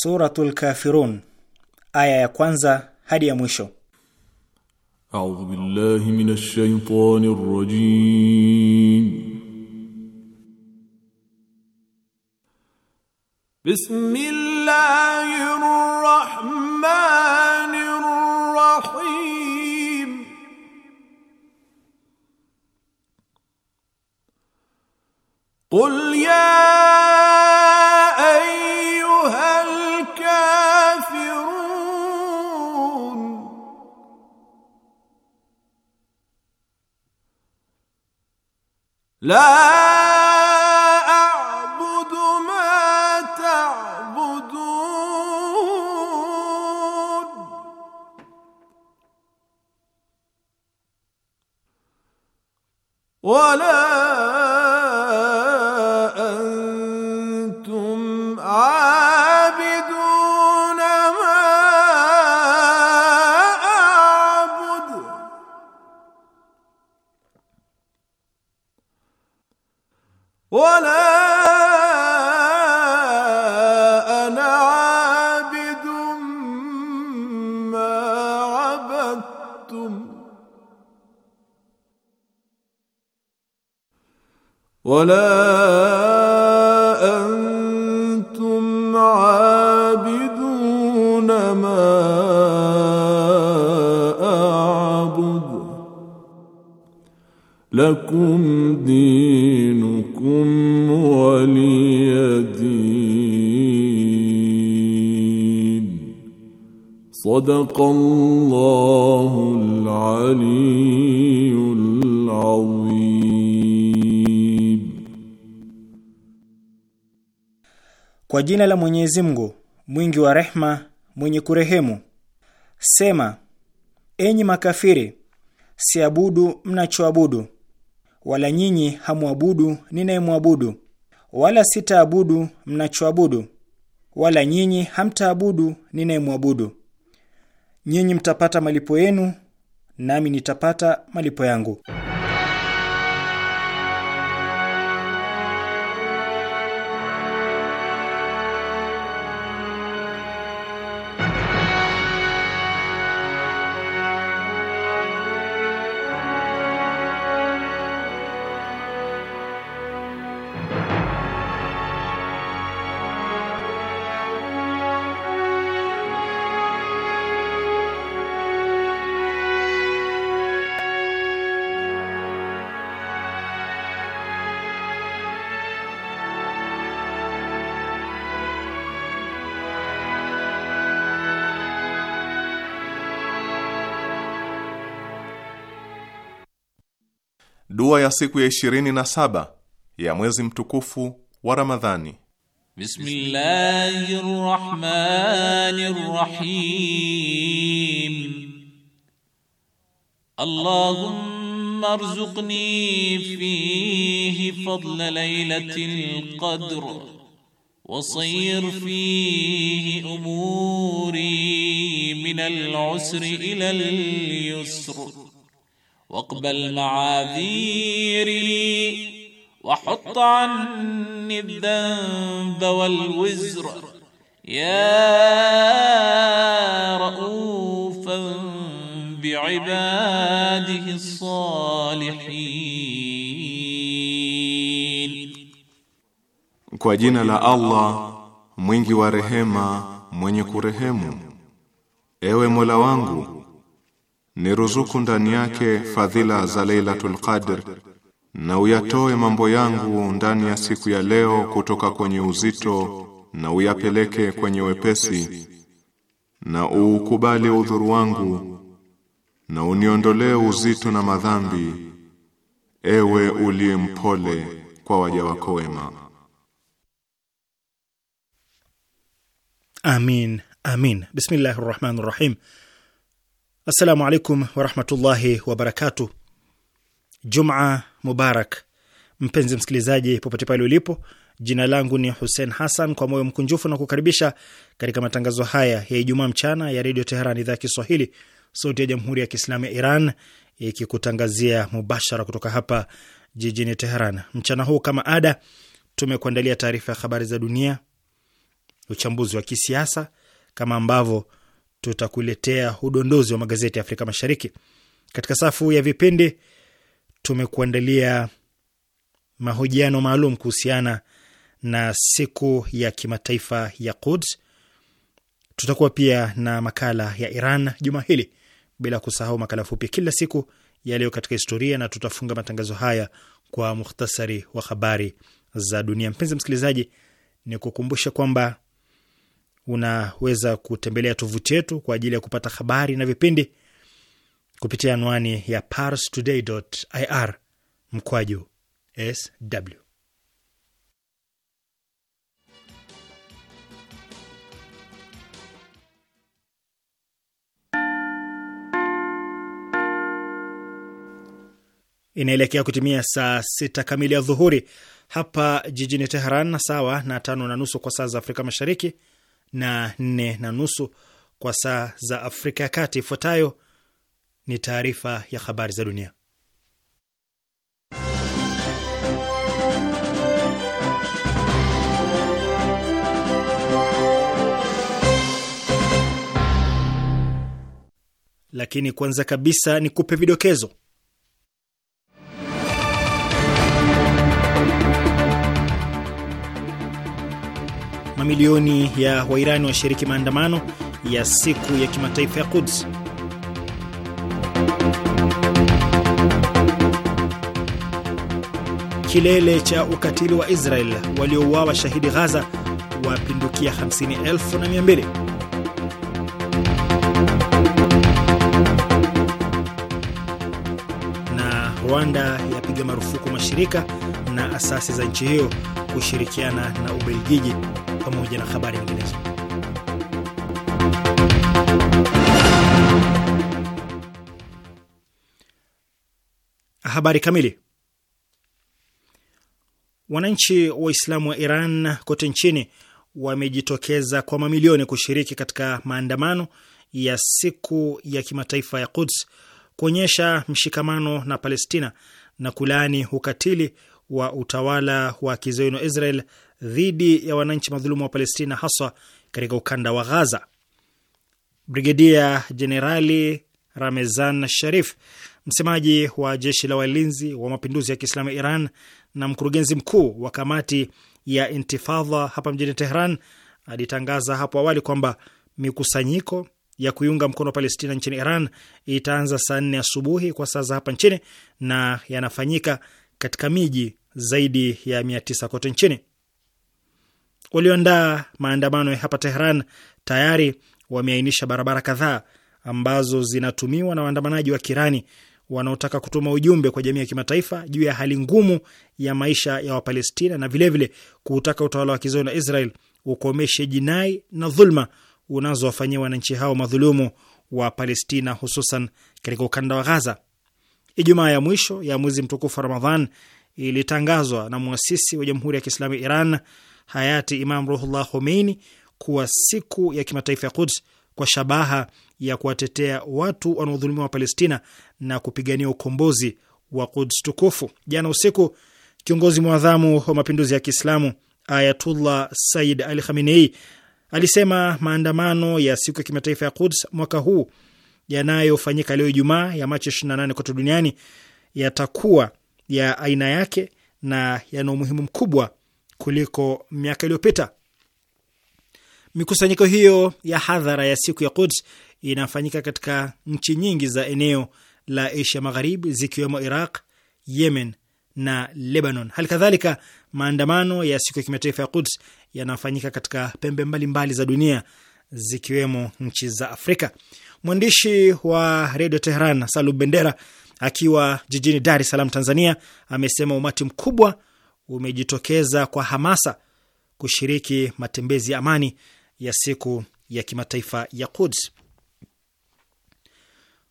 Suratul Kafirun aya ya kwanza hadi ya mwisho. A'udhu billahi minash shaitanir rajim. Bismillahir rahmanir rahim. Qul ya لا أعبد ما تعبدون ولا ولا انتم عابدون ما اعبد لكم دينكم ولي دين صدق الله العلي العظيم Kwa jina la Mwenyezi Mungu mwingi wa rehma, mwenye kurehemu. Sema, enyi makafiri, siabudu mnachoabudu, wala nyinyi hamwabudu ninayemwabudu, wala sitaabudu mnachoabudu, wala nyinyi hamtaabudu ninayemwabudu. Nyinyi mtapata malipo yenu, nami nitapata malipo yangu. ya siku ya ishirini na saba ya mwezi mtukufu wa Ramadhani. Bismillahir Rahmanir Rahim. Allahumma arzuqni fihi fadla laylatil qadr wa sayyir fihi umuri min al-usri ila al-yusr. واقبل معاذيري وحط عني الذنب والوزر يا رؤوفا بعباده الصالحين kwa jina la Allah mwingi wa rehema mwenye kurehemu ewe Mola wangu ni ruzuku ndani yake fadhila za Lailatul Qadr na uyatoe mambo yangu ndani ya siku ya leo kutoka kwenye uzito na uyapeleke kwenye wepesi na uukubali udhuru wangu na uniondolee uzito na madhambi ewe uliye mpole kwa waja wako wema amin amin bismillahir rahmanir rahim Assalamu alaikum warahmatullahi wabarakatu. Juma mubarak, mpenzi msikilizaji, popote pale ulipo. Jina langu ni Hussein Hassan, kwa moyo mkunjufu na kukaribisha katika matangazo haya ya Ijumaa mchana ya Redio Teheran, idhaa ya Kiswahili, sauti ya Jamhuri ya Kiislamu ya Iran, ikikutangazia mubashara kutoka hapa jijini Teheran. Mchana huu kama ada, tumekuandalia taarifa ya habari za dunia, uchambuzi wa kisiasa, kama ambavyo tutakuletea udondozi wa magazeti ya Afrika Mashariki. Katika safu ya vipindi tumekuandalia mahojiano maalum kuhusiana na siku ya kimataifa ya Quds. Tutakuwa pia na makala ya Iran juma hili, bila kusahau makala fupi kila siku yaliyo katika historia, na tutafunga matangazo haya kwa mukhtasari wa habari za dunia. Mpenzi msikilizaji, ni kukumbusha kwamba unaweza kutembelea tovuti yetu kwa ajili ya kupata habari na vipindi kupitia anwani ya parstoday.ir mkwaju sw. Inaelekea kutimia saa sita kamili ya dhuhuri hapa jijini Teheran, na sawa na tano na nusu kwa saa za Afrika Mashariki na nne na nusu kwa saa za Afrika ya Kati. Ifuatayo ni taarifa ya habari za dunia, lakini kwanza kabisa ni kupe vidokezo mamilioni ya Wairani washiriki maandamano ya siku ya kimataifa ya Quds. Kilele cha ukatili wa Israel, waliouawa shahidi Ghaza wapindukia 50,200. Na Rwanda yapiga marufuku mashirika na asasi za nchi hiyo kushirikiana na Ubelgiji pamoja na habari nyinginezo. Habari kamili. Wananchi Waislamu wa Iran kote nchini wamejitokeza kwa mamilioni kushiriki katika maandamano ya siku ya kimataifa ya Quds kuonyesha mshikamano na Palestina na kulaani ukatili wa utawala wa kizayuni Israel dhidi ya wananchi madhulumu wa Palestina, haswa katika ukanda wa Ghaza. Brigedia Jenerali Ramezan Sharif, msemaji wa jeshi la walinzi wa mapinduzi ya Kiislamu ya Iran na mkurugenzi mkuu wa kamati ya Intifadha hapa mjini Tehran, alitangaza hapo awali kwamba mikusanyiko ya kuiunga mkono Palestina nchini Iran itaanza saa nne asubuhi kwa saa za hapa nchini na yanafanyika katika miji zaidi ya mia tisa kote nchini walioandaa maandamano ya hapa Tehran tayari wameainisha barabara kadhaa ambazo zinatumiwa na waandamanaji wa Kirani wanaotaka kutuma ujumbe kwa jamii ya kimataifa juu ya hali ngumu ya maisha ya Wapalestina na vilevile kuutaka utawala wa kizayuni wa Israel ukomeshe jinai na dhulma unazowafanyia wananchi hao madhulumu wa Palestina, hususan katika ukanda wa Ghaza. Ijumaa ya mwisho ya mwezi mtukufu wa Ramadhan ilitangazwa na mwasisi wa Jamhuri ya Kiislamu Iran hayati Imam Ruhullah Khomeini kuwa siku ya kimataifa ya Quds kwa shabaha ya kuwatetea watu wanaodhulumiwa wa Palestina na kupigania ukombozi wa Quds tukufu. Jana usiku kiongozi mwadhamu wa mapinduzi ya Kiislamu Ayatullah Sayyid Ali Khamenei alisema maandamano ya siku ya kimataifa ya Quds mwaka huu yanayofanyika leo Ijumaa ya Machi 28 kote duniani yatakuwa ya aina yake na yana umuhimu mkubwa kuliko miaka iliyopita. Mikusanyiko hiyo ya hadhara ya siku ya Quds inafanyika katika nchi nyingi za eneo la Asia Magharibi, zikiwemo Iraq, Yemen na Lebanon. Hali kadhalika maandamano ya siku ya kimataifa ya Quds yanafanyika katika pembe mbalimbali mbali za dunia zikiwemo nchi za Afrika. Mwandishi wa redio Tehran Salu Bendera akiwa jijini Dar es Salaam, Tanzania, amesema umati mkubwa umejitokeza kwa hamasa kushiriki matembezi ya amani ya siku ya kimataifa ya Quds.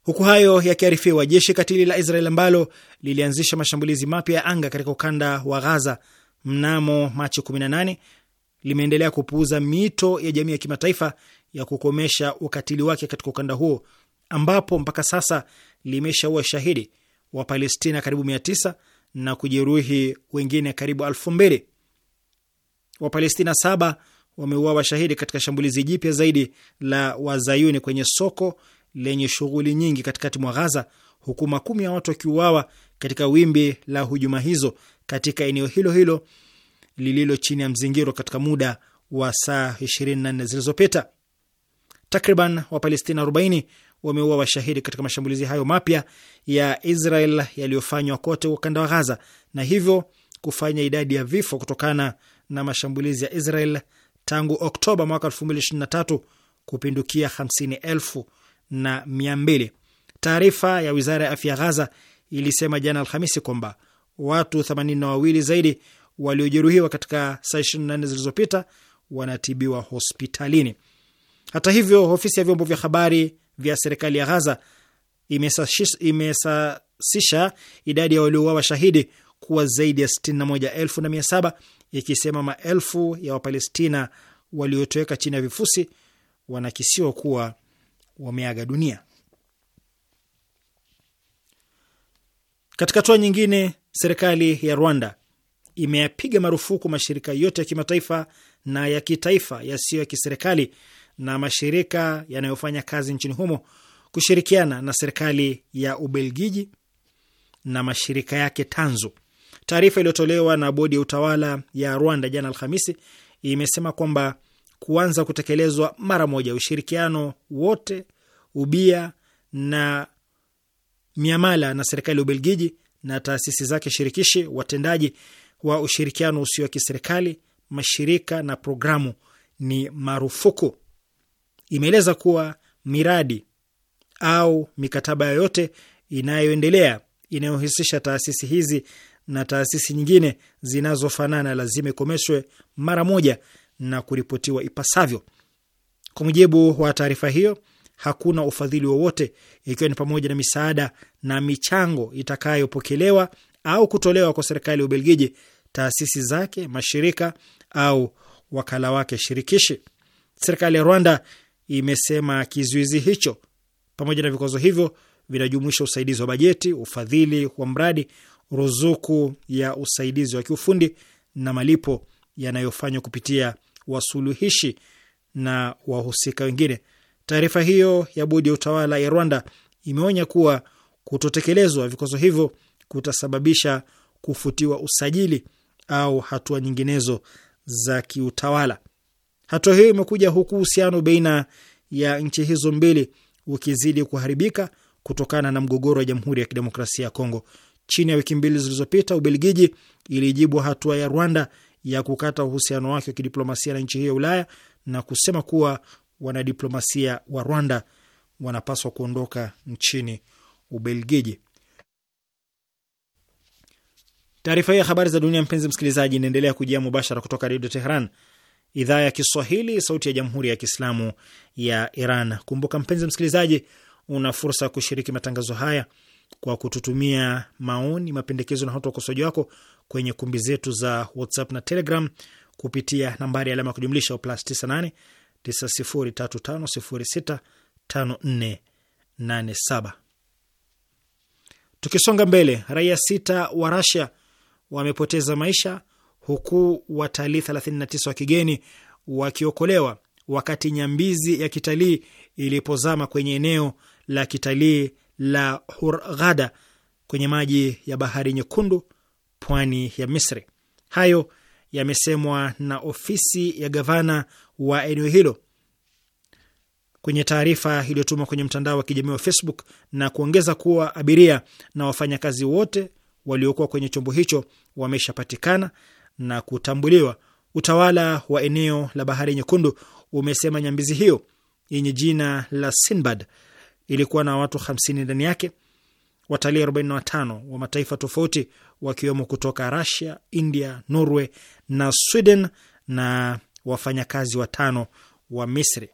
Huku hayo yakiarifiwa, jeshi katili la Israel ambalo lilianzisha mashambulizi mapya ya anga katika ukanda wa Ghaza mnamo Machi 18 limeendelea kupuuza mito ya jamii ya kimataifa ya kukomesha ukatili wake katika ukanda huo ambapo mpaka sasa limeshaua shahidi wa Palestina karibu mia tisa na kujeruhi wengine karibu elfu mbili. Wapalestina saba wameuawa shahidi katika shambulizi jipya zaidi la wazayuni kwenye soko lenye shughuli nyingi katikati mwa Ghaza, huku makumi ya watu wakiuawa katika wimbi la hujuma hizo katika eneo hilo hilo lililo chini ya mzingiro katika muda wa saa 24 zilizopita. Takriban Wapalestina 40 wameua washahidi katika mashambulizi hayo mapya ya Israel yaliyofanywa kote ukanda wa Ghaza na hivyo kufanya idadi ya vifo kutokana na mashambulizi ya Israel tangu Oktoba mwaka 2023 kupindukia 50,200. Taarifa ya wizara ya afya ya Ghaza ilisema jana Alhamisi kwamba watu 82 zaidi waliojeruhiwa katika saa 24 zilizopita wanatibiwa hospitalini. Hata hivyo, ofisi ya vyombo vya habari vya serikali ya Ghaza imesasisha idadi ya waliouawa shahidi kuwa zaidi ya 61,700 ikisema maelfu ya Wapalestina waliotoweka chini ya vifusi wanakisiwa kuwa wameaga dunia. Katika hatua nyingine, serikali ya Rwanda imeyapiga marufuku mashirika yote ya kimataifa na ya kitaifa yasiyo ya kiserikali na mashirika yanayofanya kazi nchini humo kushirikiana na serikali ya Ubelgiji na mashirika yake tanzu. Taarifa iliyotolewa na bodi ya utawala ya Rwanda jana Alhamisi imesema kwamba kuanza kutekelezwa mara moja ushirikiano wote, ubia na miamala na serikali ya Ubelgiji na taasisi zake shirikishi, watendaji wa ushirikiano usio wa kiserikali, mashirika na programu ni marufuku imeeleza kuwa miradi au mikataba yoyote inayoendelea inayohusisha taasisi hizi na taasisi nyingine zinazofanana lazima ikomeshwe mara moja na kuripotiwa ipasavyo. Kwa mujibu wa taarifa hiyo, hakuna ufadhili wowote ikiwa ni pamoja na misaada na michango itakayopokelewa au kutolewa kwa serikali ya Ubelgiji, taasisi zake, mashirika au wakala wake shirikishi. Serikali ya Rwanda imesema kizuizi hicho pamoja na vikwazo hivyo vinajumuisha usaidizi wa bajeti, ufadhili wa mradi, ruzuku ya usaidizi wa kiufundi na malipo yanayofanywa kupitia wasuluhishi na wahusika wengine. Taarifa hiyo ya bodi ya utawala ya Rwanda imeonya kuwa kutotekelezwa vikwazo hivyo kutasababisha kufutiwa usajili au hatua nyinginezo za kiutawala. Hatua hiyo imekuja huku uhusiano baina ya nchi hizo mbili ukizidi kuharibika kutokana na mgogoro wa Jamhuri ya Kidemokrasia ya Kongo. Chini ya wiki mbili zilizopita, Ubelgiji ilijibu hatua ya Rwanda ya kukata uhusiano wake wa kidiplomasia na nchi hiyo ya Ulaya na kusema kuwa wanadiplomasia wa Rwanda wanapaswa kuondoka nchini Ubelgiji. Taarifa hii ya habari za dunia, mpenzi msikilizaji, inaendelea kujia mubashara kutoka Redio Teheran, idhaa ya Kiswahili, sauti ya jamhuri ya kiislamu ya Iran. Kumbuka mpenzi msikilizaji, una fursa ya kushiriki matangazo haya kwa kututumia maoni, mapendekezo na hata ukosoaji wako kwenye kumbi zetu za WhatsApp na Telegram kupitia nambari ya alama ya kujumlisha plus 98 Tukisonga mbele, raia sita wa Rasia wamepoteza maisha huku watalii 39 wa kigeni wakiokolewa wakati nyambizi ya kitalii ilipozama kwenye eneo la kitalii la Hurghada kwenye maji ya Bahari Nyekundu, pwani ya Misri. Hayo yamesemwa na ofisi ya gavana wa eneo hilo kwenye taarifa iliyotumwa kwenye mtandao wa kijamii wa Facebook na kuongeza kuwa abiria na wafanyakazi wote waliokuwa kwenye chombo hicho wameshapatikana na kutambuliwa. Utawala wa eneo la bahari nyekundu umesema nyambizi hiyo yenye jina la Sinbad ilikuwa na watu 50 ndani yake, watalii 45 wa mataifa tofauti, wakiwemo kutoka Russia, India, Norway na Sweden na wafanyakazi watano wa Misri.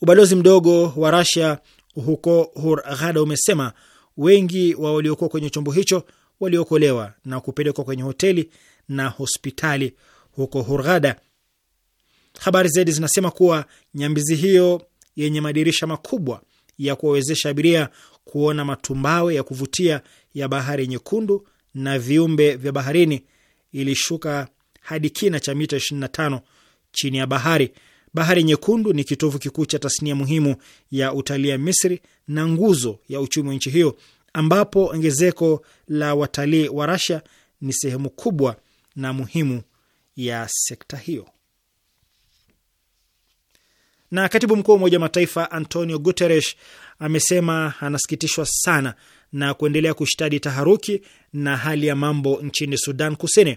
Ubalozi mdogo wa Russia huko Hurghada umesema wengi wa waliokuwa kwenye chombo hicho waliokolewa na kupelekwa kwenye hoteli na hospitali huko Hurghada. Habari zaidi zinasema kuwa nyambizi hiyo yenye madirisha makubwa ya kuwawezesha abiria kuona matumbawe ya kuvutia ya bahari nyekundu na viumbe vya baharini ilishuka hadi kina cha mita 25 chini ya bahari. Bahari Nyekundu ni kitovu kikuu cha tasnia muhimu ya utalii ya Misri na nguzo ya uchumi wa nchi hiyo ambapo ongezeko la watalii wa rasia ni sehemu kubwa na muhimu ya sekta hiyo. Na katibu mkuu wa Umoja wa Mataifa Antonio Guterres amesema anasikitishwa sana na kuendelea kushtadi taharuki na hali ya mambo nchini Sudan Kusini.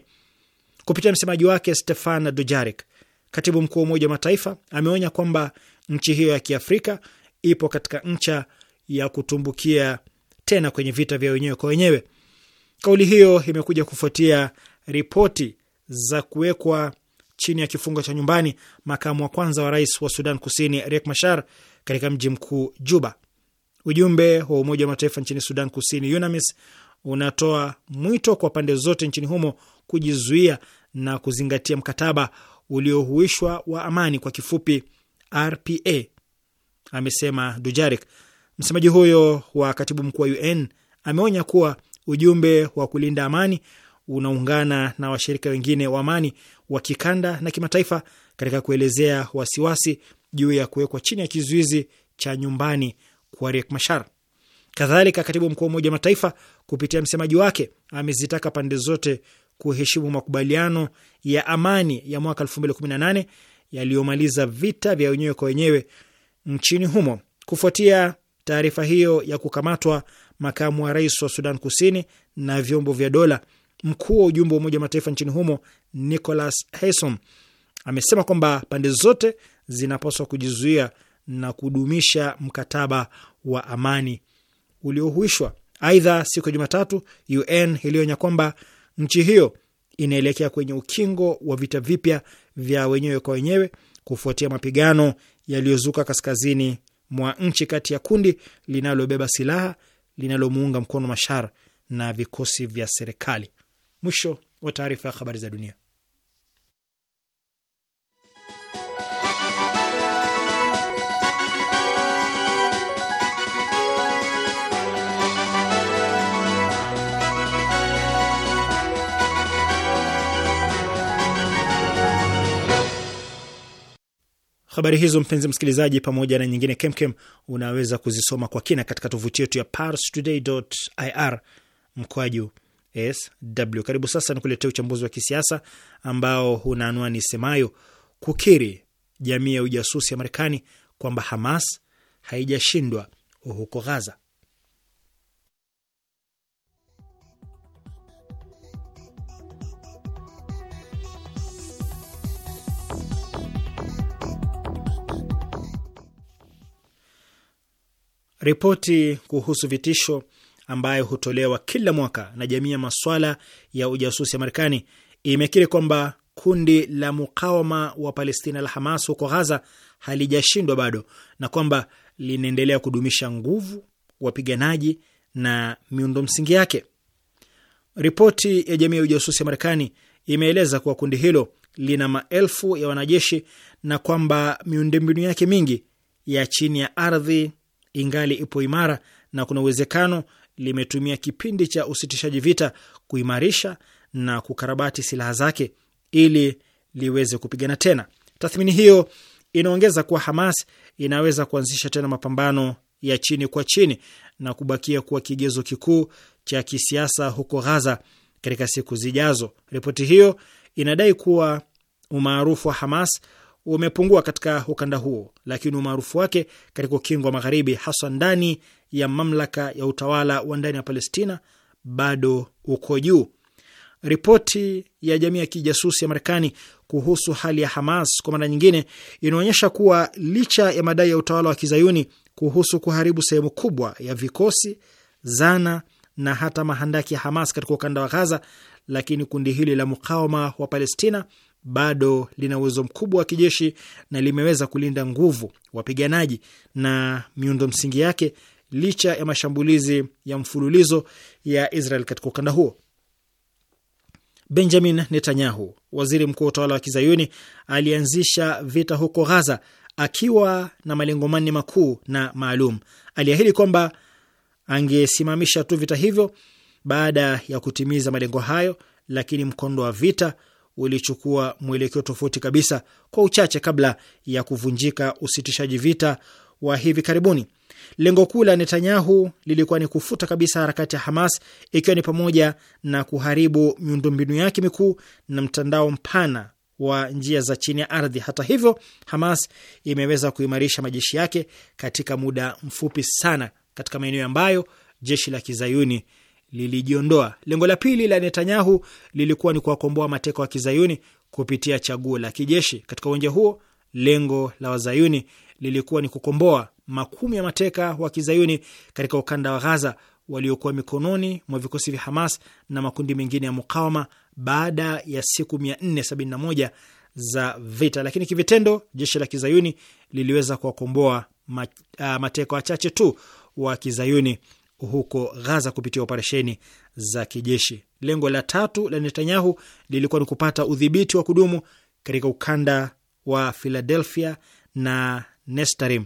Kupitia msemaji wake Stefan Dujarik, katibu mkuu wa Umoja wa Mataifa ameonya kwamba nchi hiyo ya Kiafrika ipo katika ncha ya kutumbukia tena kwenye vita vya wenyewe kwa wenyewe. Kauli hiyo imekuja kufuatia ripoti za kuwekwa chini ya kifungo cha nyumbani makamu wa kwanza wa rais wa Sudan Kusini Riek Machar katika mji mkuu Juba. Ujumbe wa Umoja wa Mataifa nchini Sudan Kusini UNAMIS unatoa mwito kwa pande zote nchini humo kujizuia na kuzingatia mkataba uliohuishwa wa amani, kwa kifupi RPA, amesema Dujarik Msemaji huyo wa katibu mkuu wa UN ameonya kuwa ujumbe wa kulinda amani unaungana na washirika wengine wa amani wa kikanda na kimataifa katika kuelezea wasiwasi juu ya kuwekwa chini ya kizuizi cha nyumbani kwa Riek Machar. Kadhalika, katibu mkuu wa Umoja wa Mataifa kupitia msemaji wake amezitaka pande zote kuheshimu makubaliano ya amani ya mwaka 2018 yaliyomaliza vita vya wenyewe kwa wenyewe nchini humo kufuatia taarifa hiyo ya kukamatwa makamu wa rais wa Sudan Kusini na vyombo vya dola. Mkuu wa ujumbe wa Umoja wa Mataifa nchini humo Nicholas Haysom amesema kwamba pande zote zinapaswa kujizuia na kudumisha mkataba wa amani uliohuishwa. Aidha, siku ya Jumatatu, UN ilionya kwamba nchi hiyo inaelekea kwenye ukingo wa vita vipya vya wenyewe kwa wenyewe kufuatia mapigano yaliyozuka kaskazini mwa nchi kati ya kundi linalobeba silaha linalomuunga mkono Mashar na vikosi vya serikali. Mwisho wa taarifa ya habari za dunia. Habari hizo mpenzi msikilizaji, pamoja na nyingine kemkem, unaweza kuzisoma kwa kina katika tovuti yetu ya parstoday.ir mkwaju sw. Karibu sasa ni kuletea uchambuzi wa kisiasa ambao una anwani semayo kukiri jamii ya ujasusi ya Marekani kwamba Hamas haijashindwa huko Ghaza. Ripoti kuhusu vitisho ambayo hutolewa kila mwaka na jamii ya maswala ya ujasusi ya Marekani imekiri kwamba kundi la mukawama wa Palestina la Hamas huko Ghaza halijashindwa bado na kwamba linaendelea kudumisha nguvu, wapiganaji na miundo msingi yake. Ripoti ya jamii ya ujasusi ya Marekani imeeleza kuwa kundi hilo lina maelfu ya wanajeshi na kwamba miundombinu yake mingi ya chini ya ardhi ingali ipo imara na kuna uwezekano limetumia kipindi cha usitishaji vita kuimarisha na kukarabati silaha zake ili liweze kupigana tena. Tathmini hiyo inaongeza kuwa Hamas inaweza kuanzisha tena mapambano ya chini kwa chini na kubakia kuwa kigezo kikuu cha kisiasa huko Ghaza katika siku zijazo. Ripoti hiyo inadai kuwa umaarufu wa Hamas umepungua katika ukanda huo, lakini umaarufu wake katika ukingo wa Magharibi, haswa ndani ya mamlaka ya utawala wa ndani ya Palestina, bado uko juu. Ripoti ya jamii ya kijasusi ya Marekani kuhusu hali ya Hamas kwa mara nyingine inaonyesha kuwa licha ya madai ya utawala wa kizayuni kuhusu kuharibu sehemu kubwa ya vikosi, zana na hata mahandaki ya Hamas katika ukanda wa Ghaza, lakini kundi hili la mukawama wa Palestina bado lina uwezo mkubwa wa kijeshi na limeweza kulinda nguvu wapiganaji na miundo msingi yake licha ya mashambulizi ya mfululizo ya Israel katika ukanda huo. Benjamin Netanyahu, waziri mkuu wa utawala wa Kizayuni, alianzisha vita huko Ghaza akiwa na malengo manne makuu na maalum. Aliahidi kwamba angesimamisha tu vita hivyo baada ya kutimiza malengo hayo, lakini mkondo wa vita ulichukua mwelekeo tofauti kabisa kwa uchache kabla ya kuvunjika usitishaji vita wa hivi karibuni. Lengo kuu la Netanyahu lilikuwa ni kufuta kabisa harakati ya Hamas, ikiwa ni pamoja na kuharibu miundombinu yake mikuu na mtandao mpana wa njia za chini ya ardhi. Hata hivyo, Hamas imeweza kuimarisha majeshi yake katika muda mfupi sana katika maeneo ambayo jeshi la kizayuni lilijiondoa. Lengo la pili la Netanyahu lilikuwa ni kuwakomboa mateka wa kizayuni kupitia chaguo la kijeshi. Katika uwanja huo, lengo la wazayuni lilikuwa ni kukomboa makumi ya mateka wa kizayuni katika ukanda wa Ghaza waliokuwa mikononi mwa vikosi vya Hamas na makundi mengine ya mukawama baada ya siku 471 za vita, lakini kivitendo jeshi la kizayuni liliweza kuwakomboa uh, mateka wachache tu wa kizayuni huko Ghaza kupitia operesheni za kijeshi. Lengo la tatu la Netanyahu lilikuwa ni kupata udhibiti wa kudumu katika ukanda wa Philadelphia na Nestarim.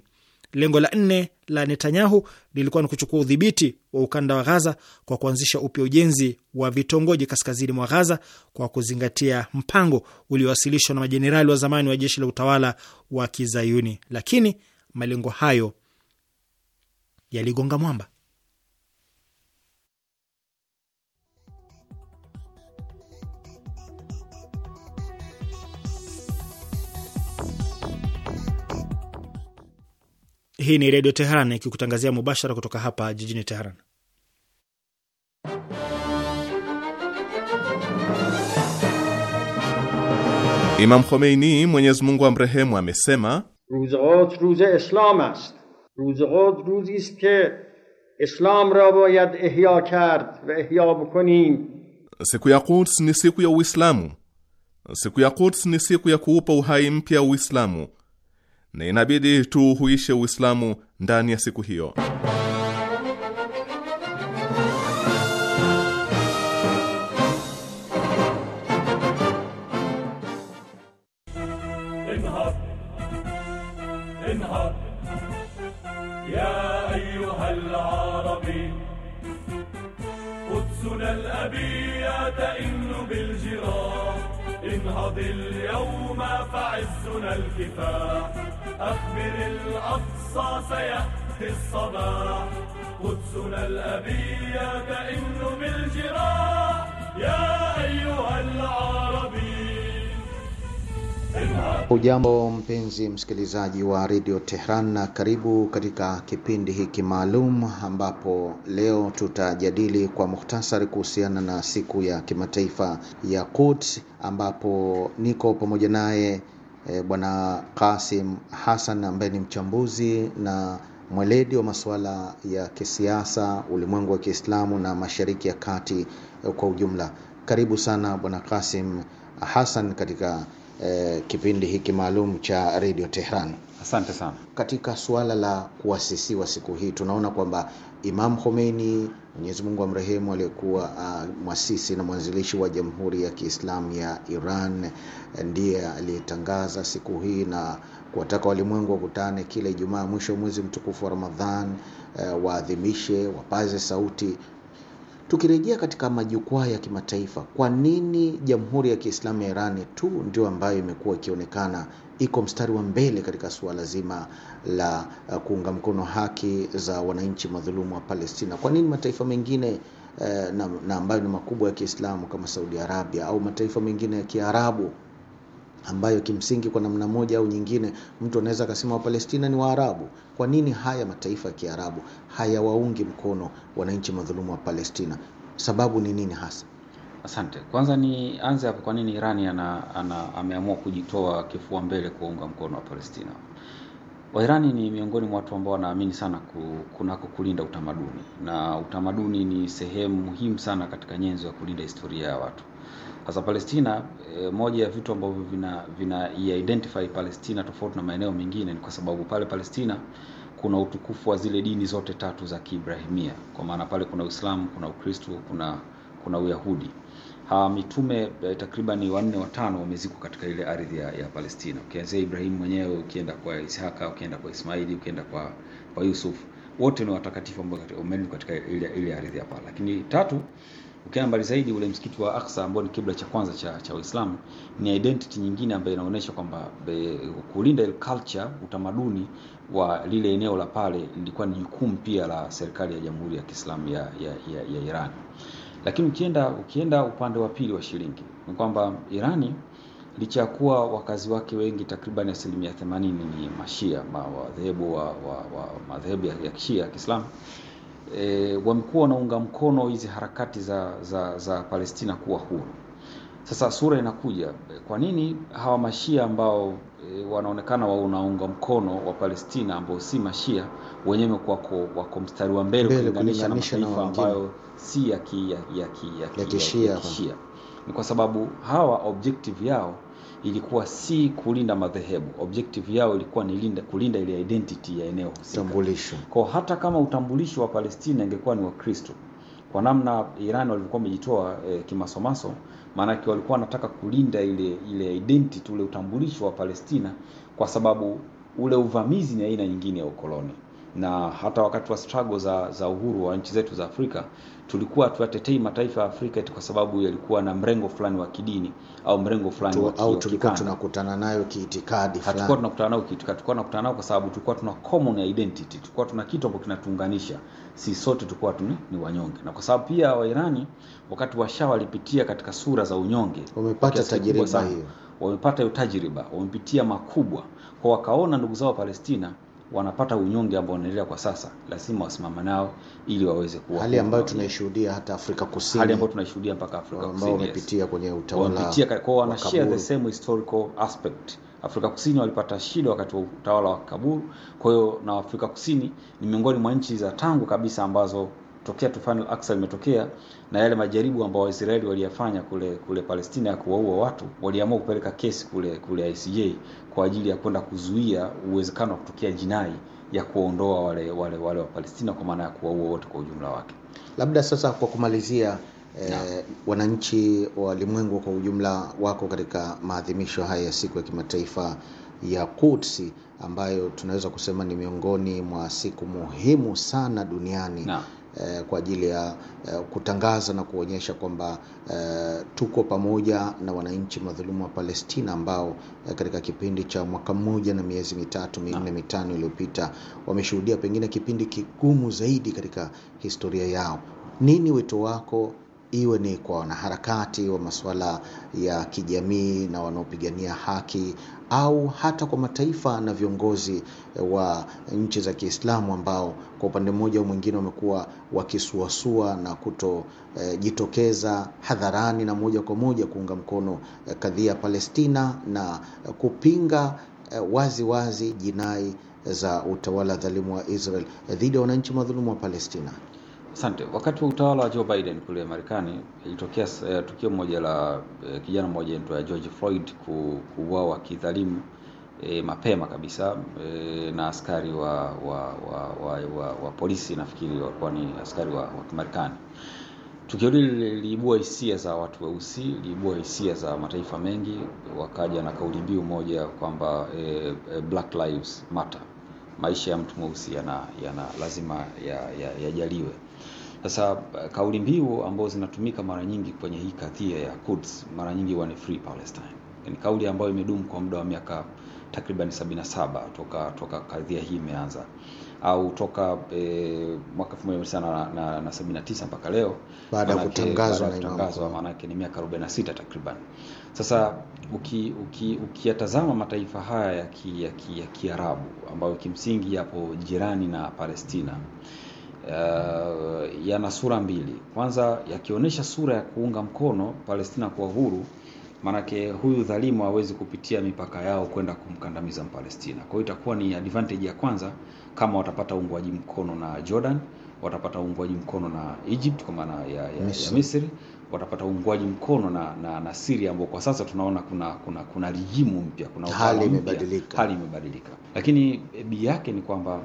Lengo la nne la Netanyahu lilikuwa ni kuchukua udhibiti wa ukanda wa Ghaza kwa kuanzisha upya ujenzi wa vitongoji kaskazini mwa Ghaza kwa kuzingatia mpango uliowasilishwa na majenerali wa zamani wa jeshi la utawala wa Kizayuni, lakini malengo hayo yaligonga mwamba. Hii ni Redio Teheran ikikutangazia mubashara kutoka hapa jijini Teheran. Imam Khomeini, Mwenyezi Mungu amrehemu, amesema ruze quds ruze islam ast ruze quds ruzi ist ke islam ra bayad ihya kard va ihya bukonim, siku ya Quds ni siku ya Uislamu. Siku ya Quds ni siku ya kuupa uhai mpya Uislamu na inabidi tuuhuishe Uislamu ndani ya siku hiyo. انهض اليوم فعزنا الكفاح أخبر الأقصى سيأتي الصباح قدسنا الأبية تئن بالجراح يا أيها العربي Hujambo mpenzi msikilizaji wa redio Tehran, na karibu katika kipindi hiki maalum ambapo leo tutajadili kwa muhtasari kuhusiana na siku ya kimataifa ya Quds, ambapo niko pamoja naye e, bwana Kasim Hassan ambaye ni mchambuzi na mweledi wa masuala ya kisiasa, ulimwengu wa Kiislamu na Mashariki ya Kati eh, kwa ujumla. Karibu sana bwana Kasim Hassan katika Eh, kipindi hiki maalum cha Radio Tehran. Asante sana. Katika suala la kuasisiwa siku hii tunaona kwamba Imam Khomeini Mwenyezi Mungu amrehemu, aliyekuwa uh, mwasisi na mwanzilishi wa Jamhuri ya Kiislamu ya Iran ndiye aliyetangaza siku hii na kuwataka walimwengu wakutane kila Ijumaa mwisho mwezi mtukufu wa Ramadhan, uh, waadhimishe, wapaze sauti Tukirejea katika majukwaa ya kimataifa, kwa nini Jamhuri ya Kiislamu ya Irani tu ndio ambayo imekuwa ikionekana iko mstari wa mbele katika suala zima la uh, kuunga mkono haki za wananchi madhulumu wa Palestina? Kwa nini mataifa mengine uh, na, na ambayo ni makubwa ya Kiislamu kama Saudi Arabia au mataifa mengine ya Kiarabu ambayo kimsingi kwa namna moja au nyingine mtu anaweza akasema wapalestina ni waarabu kwa nini haya mataifa ya kiarabu hayawaungi mkono wananchi madhulumu wa palestina sababu ni nini hasa Asante. Kwanza anze hapo, kwa nini Irani ana, ana, ameamua kujitoa kifua mbele kuwaunga mkono wa Palestina? Wairani ni miongoni mwa watu ambao wanaamini sana kunako kulinda utamaduni, na utamaduni ni sehemu muhimu sana katika nyenzo ya kulinda historia ya watu. Sasa Palestina e, moja ya vitu ambavyo vina, vina identify Palestina tofauti na maeneo mengine ni kwa sababu pale Palestina kuna utukufu wa zile dini zote tatu za Kiibrahimia, kwa maana pale kuna Uislamu, kuna Ukristo, kuna kuna Uyahudi. ha, mitume e, takriban wanne watano wamezikwa katika ile ardhi ya, ya Palestina, ukianzia Ibrahimu mwenyewe, ukienda kwa Ishaka, ukienda kwa Ismaili, ukienda kwa, kwa Yusuf, wote ni watakatifu ambao wamezikwa katika ile, ile ardhi hapa Lakini tatu Ukienda mbali zaidi, ule msikiti wa Aqsa ambao ni kibla cha kwanza cha cha Uislamu ni identity nyingine ambayo inaonyesha kwamba kulinda ile culture, utamaduni wa lile eneo la pale lilikuwa ni jukumu pia la serikali ya Jamhuri ya Kiislamu ya, ya, ya, ya Iran. Lakini ukienda ukienda upande wa pili wa shilingi ni kwamba Irani licha ya kuwa wakazi wake wengi takriban asilimia themanini ni mashia madhehebu wa, wa, wa madhehebu ya, ya kishia ya Kiislamu e, wamekuwa wanaunga mkono hizi harakati za, za, za Palestina kuwa huru. Sasa sura inakuja, e, kwa nini hawa mashia ambao e, wanaonekana wanaunga mkono wa Palestina ambao si mashia wenyewe kwako wako mstari wa mbele kulinganisha na mataifa ambayo si ya kishia? Ni kwa sababu hawa objective yao ilikuwa si kulinda madhehebu. Objective yao ilikuwa ni linda, kulinda ile identity ya eneo Utambulisho. Kwa hata kama utambulisho wa Palestina ingekuwa ni wa Kristo kwa namna Iran walivyokuwa wamejitoa e, kimasomaso, maanake walikuwa wanataka kulinda ile ile identity, ule utambulisho wa Palestina, kwa sababu ule uvamizi ni aina nyingine ya ukoloni na hata wakati wa struggle za, za uhuru wa nchi zetu za Afrika tulikuwa tuwatetei mataifa ya Afrika kwa sababu yalikuwa na mrengo fulani wa kidini au mrengo fulani tu, wa au tulikuwa tunakutana nayo kiitikadi fulani. Hatukuwa tunakutana nayo kiitikadi, tulikuwa tunakutana nayo kwa sababu tulikuwa tuna common identity, tulikuwa tuna kitu ambacho kinatuunganisha, si sote tulikuwa tu ni wanyonge. Na kwa sababu pia Wairani wakati wa Shah walipitia katika sura za unyonge, wamepata tajiriba hiyo, wamepata hiyo tajiriba, wamepitia makubwa kwa wakaona ndugu zao wa Palestina wanapata unyonge ambao unaendelea kwa sasa, lazima wasimama nao ili waweze kuwa hali ambayo tunaishuhudia hata Afrika Kusini, hali ambayo tunaishuhudia mpaka Afrika Kusini wamepitia kwenye utawala, wamepitia kwa, wana the same historical aspect. Afrika Kusini walipata shida wakati wa utawala wa Kaburu, kwa hiyo na Afrika Kusini ni miongoni mwa nchi za tangu kabisa ambazo tokea tufani al-Aqsa limetokea na yale majaribu ambayo Waisraeli waliyafanya kule kule Palestina ya kuwaua watu, waliamua kupeleka kesi kule kule ICJ kwa ajili ya kwenda kuzuia uwezekano wa kutokea jinai ya kuondoa wale wale wale wa Palestina kwa maana ya kuwaua wote kwa ujumla wake. Labda sasa kwa kumalizia E, wananchi walimwengu kwa ujumla wako katika maadhimisho haya ya siku ya kimataifa ya Quds ambayo tunaweza kusema ni miongoni mwa siku muhimu sana duniani na Eh, kwa ajili ya eh, kutangaza na kuonyesha kwamba eh, tuko pamoja na wananchi madhulumu wa Palestina ambao katika kipindi cha mwaka mmoja na miezi mitatu minne mitano iliyopita wameshuhudia pengine kipindi kigumu zaidi katika historia yao. Nini wito wako iwe ni kwa wanaharakati wa masuala ya kijamii na wanaopigania haki au hata kwa mataifa na viongozi wa nchi za Kiislamu ambao kwa upande mmoja au mwingine wamekuwa wakisuasua na kutojitokeza e, hadharani na moja kwa moja kuunga mkono e, kadhia ya Palestina na e, kupinga e, wazi wazi jinai za utawala dhalimu wa Israel dhidi ya wananchi madhulumu wa Palestina. Asante. Wakati wa utawala wa Joe Biden kule Marekani ilitokea eh, tukio moja la eh, kijana mmoja anaitwa George Floyd ku, kuuawa kidhalimu eh, mapema kabisa eh, na askari wa wa, wa, wa, wa, wa polisi nafikiri walikuwa ni askari wa, wa Marekani. Tukio hili liibua hisia za watu weusi, liibua hisia za mataifa mengi, wakaja na kauli mbiu moja kwamba eh, Black Lives Matter, maisha ya mtu mweusi yana, yana lazima yajaliwe ya, ya sasa kauli mbiu ambazo zinatumika mara nyingi kwenye hii kadhia ya Quds mara nyingi huwa ni Free Palestine. Ni kauli ambayo imedumu kwa muda wa miaka takriban 77 toka toka kadhia hii imeanza au toka e, mwaka 1979 mpaka leo baada ya kutangazwa na kutangazwa, maana yake ni miaka 46 takriban. Sasa ukiyatazama uki, uki mataifa haya ya Kiarabu ki, Kiarabu ambayo kimsingi yapo jirani na Palestina uh, yana sura mbili. Kwanza yakionyesha sura ya kuunga mkono Palestina kuwa huru, maanake huyu dhalimu hawezi kupitia mipaka yao kwenda kumkandamiza Mpalestina. Kwa hiyo itakuwa ni advantage ya kwanza kama watapata uungwaji mkono na Jordan, watapata uungwaji mkono na Egypt kwa maana ya, ya, Misri. ya Misri watapata uungwaji mkono na, na, na Syria ambao kwa sasa tunaona kuna kuna kuna rijimu mpya, kuna hali imebadilika, hali imebadilika, lakini eh, bi yake ni kwamba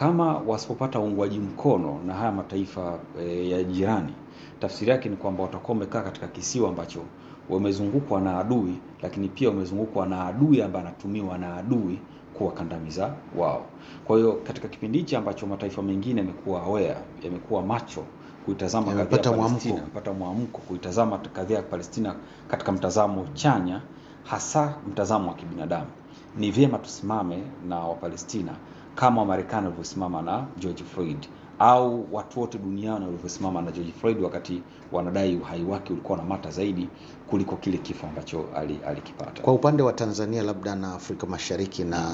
kama wasipopata uungwaji mkono na haya mataifa e, ya jirani, tafsiri yake ni kwamba watakuwa wamekaa katika kisiwa ambacho wamezungukwa na adui, lakini pia wamezungukwa na adui ambaye anatumiwa na adui kuwakandamiza wao. Kwa hiyo katika kipindi hichi ambacho mataifa mengine yamekuwa aware, yamekuwa macho kuitazama kadhia ya Palestina, kupata mwamko kuitazama kadhia ya Palestina katika mtazamo chanya, hasa mtazamo wa kibinadamu, ni vyema tusimame na Wapalestina kama Wamarekani walivyosimama na George Floyd au watu wote duniani walivyosimama na George Floyd wakati wanadai uhai wake ulikuwa na mata zaidi kuliko kile kifo ambacho alikipata. Ali kwa upande wa Tanzania labda na Afrika Mashariki na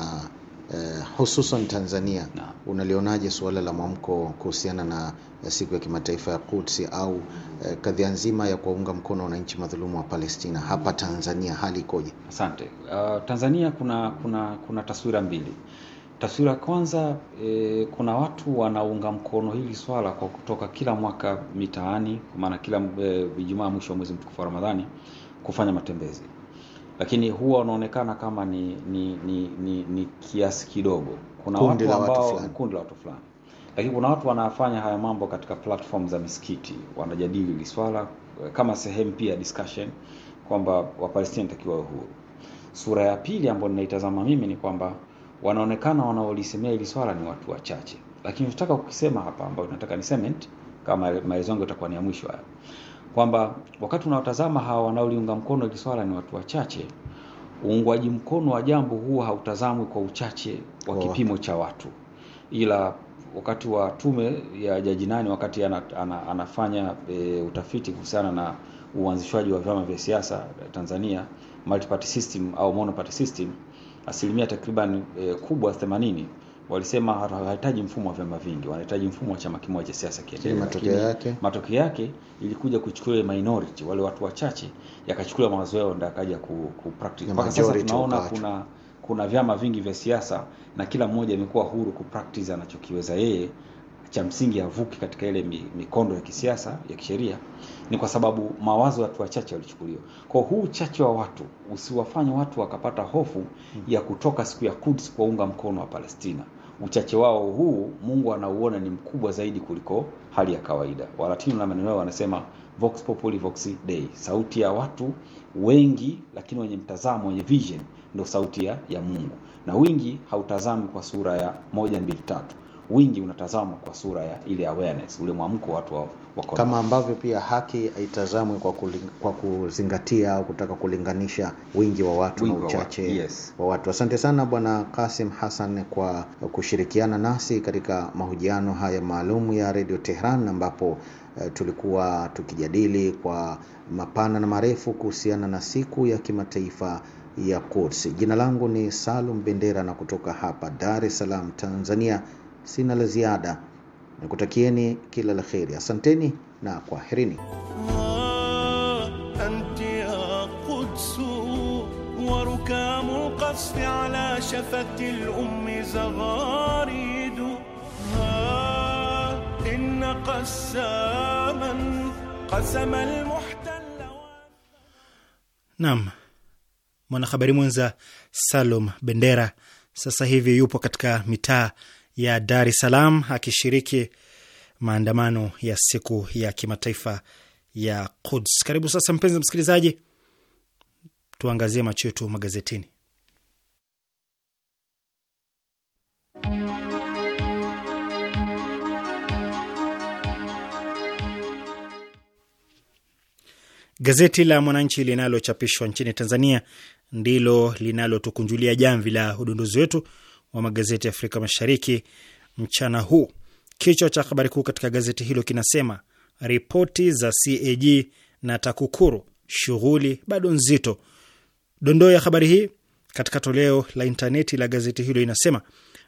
eh, hususan Tanzania unalionaje suala la mwamko kuhusiana na eh, siku ya kimataifa ya kutsi au eh, kadhia nzima ya kuwaunga mkono wananchi madhulumu wa Palestina hapa Tanzania hali ikoje? Asante. Uh, Tanzania kuna kuna kuna taswira mbili. Taswira ya kwanza e, kuna watu wanaunga mkono hili swala kwa kutoka kila mwaka mitaani, kwa maana kila e, Ijumaa mwisho wa mwezi mtukufu wa Ramadhani kufanya matembezi, lakini huwa wanaonekana kama ni, ni, ni, ni, ni kiasi kidogo. Kuna kundi watu ambao kundi la watu fulani, lakini kuna watu wanafanya haya mambo katika platform za misikiti, wanajadili hili swala e, kama sehemu pia discussion kwamba Wapalestina takiwa uhuru. Sura ya pili ambayo ninaitazama mimi ni kwamba wanaonekana wanaolisemea hili swala ni watu wachache, lakini nataka kukisema hapa, ambayo nataka cement kama maelezo yangu yatakuwa ni ya mwisho haya, kwamba wakati unaotazama hawa wanaoliunga mkono hili swala ni watu wachache, uungwaji mkono wa jambo huwa hautazamwi kwa uchache wa kipimo cha watu, ila wakati wa tume ya Jaji Nani wakati ana, ana, anafanya e, utafiti kuhusiana na uanzishwaji wa vyama vya siasa Tanzania, multi-party system au monoparty system asilimia takriban e, kubwa 80 walisema hawahitaji mfumo wa vyama vingi, wanahitaji mfumo wa chama kimoja cha siasa kiendelee. Matokeo yake matokeo yake ilikuja kuchukua minority, wale watu wachache, yakachukua mawazo yao ndio akaja ku, ku practice. Mpaka sasa tunaona kuna kuna vyama vingi vya siasa na kila mmoja imekuwa huru ku practice anachokiweza yeye cha msingi avuke katika ile mikondo ya kisiasa ya kisheria ni kwa sababu mawazo ya watu wachache walichukuliwa. Kwa huu uchache wa watu usiwafanye watu wakapata hofu hmm. ya kutoka siku ya Quds kuwaunga mkono wa Palestina. Uchache wao huu Mungu anauona ni mkubwa zaidi kuliko hali ya kawaida. Walatini na maneno wanasema vox populi vox dei, sauti ya watu wengi lakini wenye mtazamo, wenye vision, ndio sauti ya Mungu, na wingi hautazami kwa sura ya moja, mbili, tatu wingi unatazamwa kwa sura ya ile awareness, ule mwamko watu wa, wa kama ambavyo pia haki haitazamwi kwa, kwa kuzingatia au kutaka kulinganisha wingi wa watu wingi na uchache wa, yes. wa watu. Asante sana Bwana Kasim Hassan kwa kushirikiana nasi katika mahojiano haya maalum ya Radio Tehran ambapo eh, tulikuwa tukijadili kwa mapana na marefu kuhusiana na siku ya kimataifa ya kursi Jina langu ni Salum Bendera na kutoka hapa Dar es Salaam, Tanzania sina la ziada, nikutakieni kila la kheri. Asanteni na kwaherini. Nam mwanahabari mwenza Salum Bendera sasa hivi yupo katika mitaa ya Dar es Salaam akishiriki maandamano ya siku ya kimataifa ya Quds. Karibu sasa, mpenzi msikilizaji, tuangazie macho yetu magazetini. Gazeti la Mwananchi linalochapishwa nchini Tanzania ndilo linalotukunjulia jamvi la udondozi wetu wa magazeti ya Afrika Mashariki mchana huu. Kichwa cha habari kuu katika gazeti hilo kinasema ripoti za CAG na TAKUKURU shughuli bado nzito. Dondoo ya habari hii katika toleo la intaneti la gazeti hilo inasema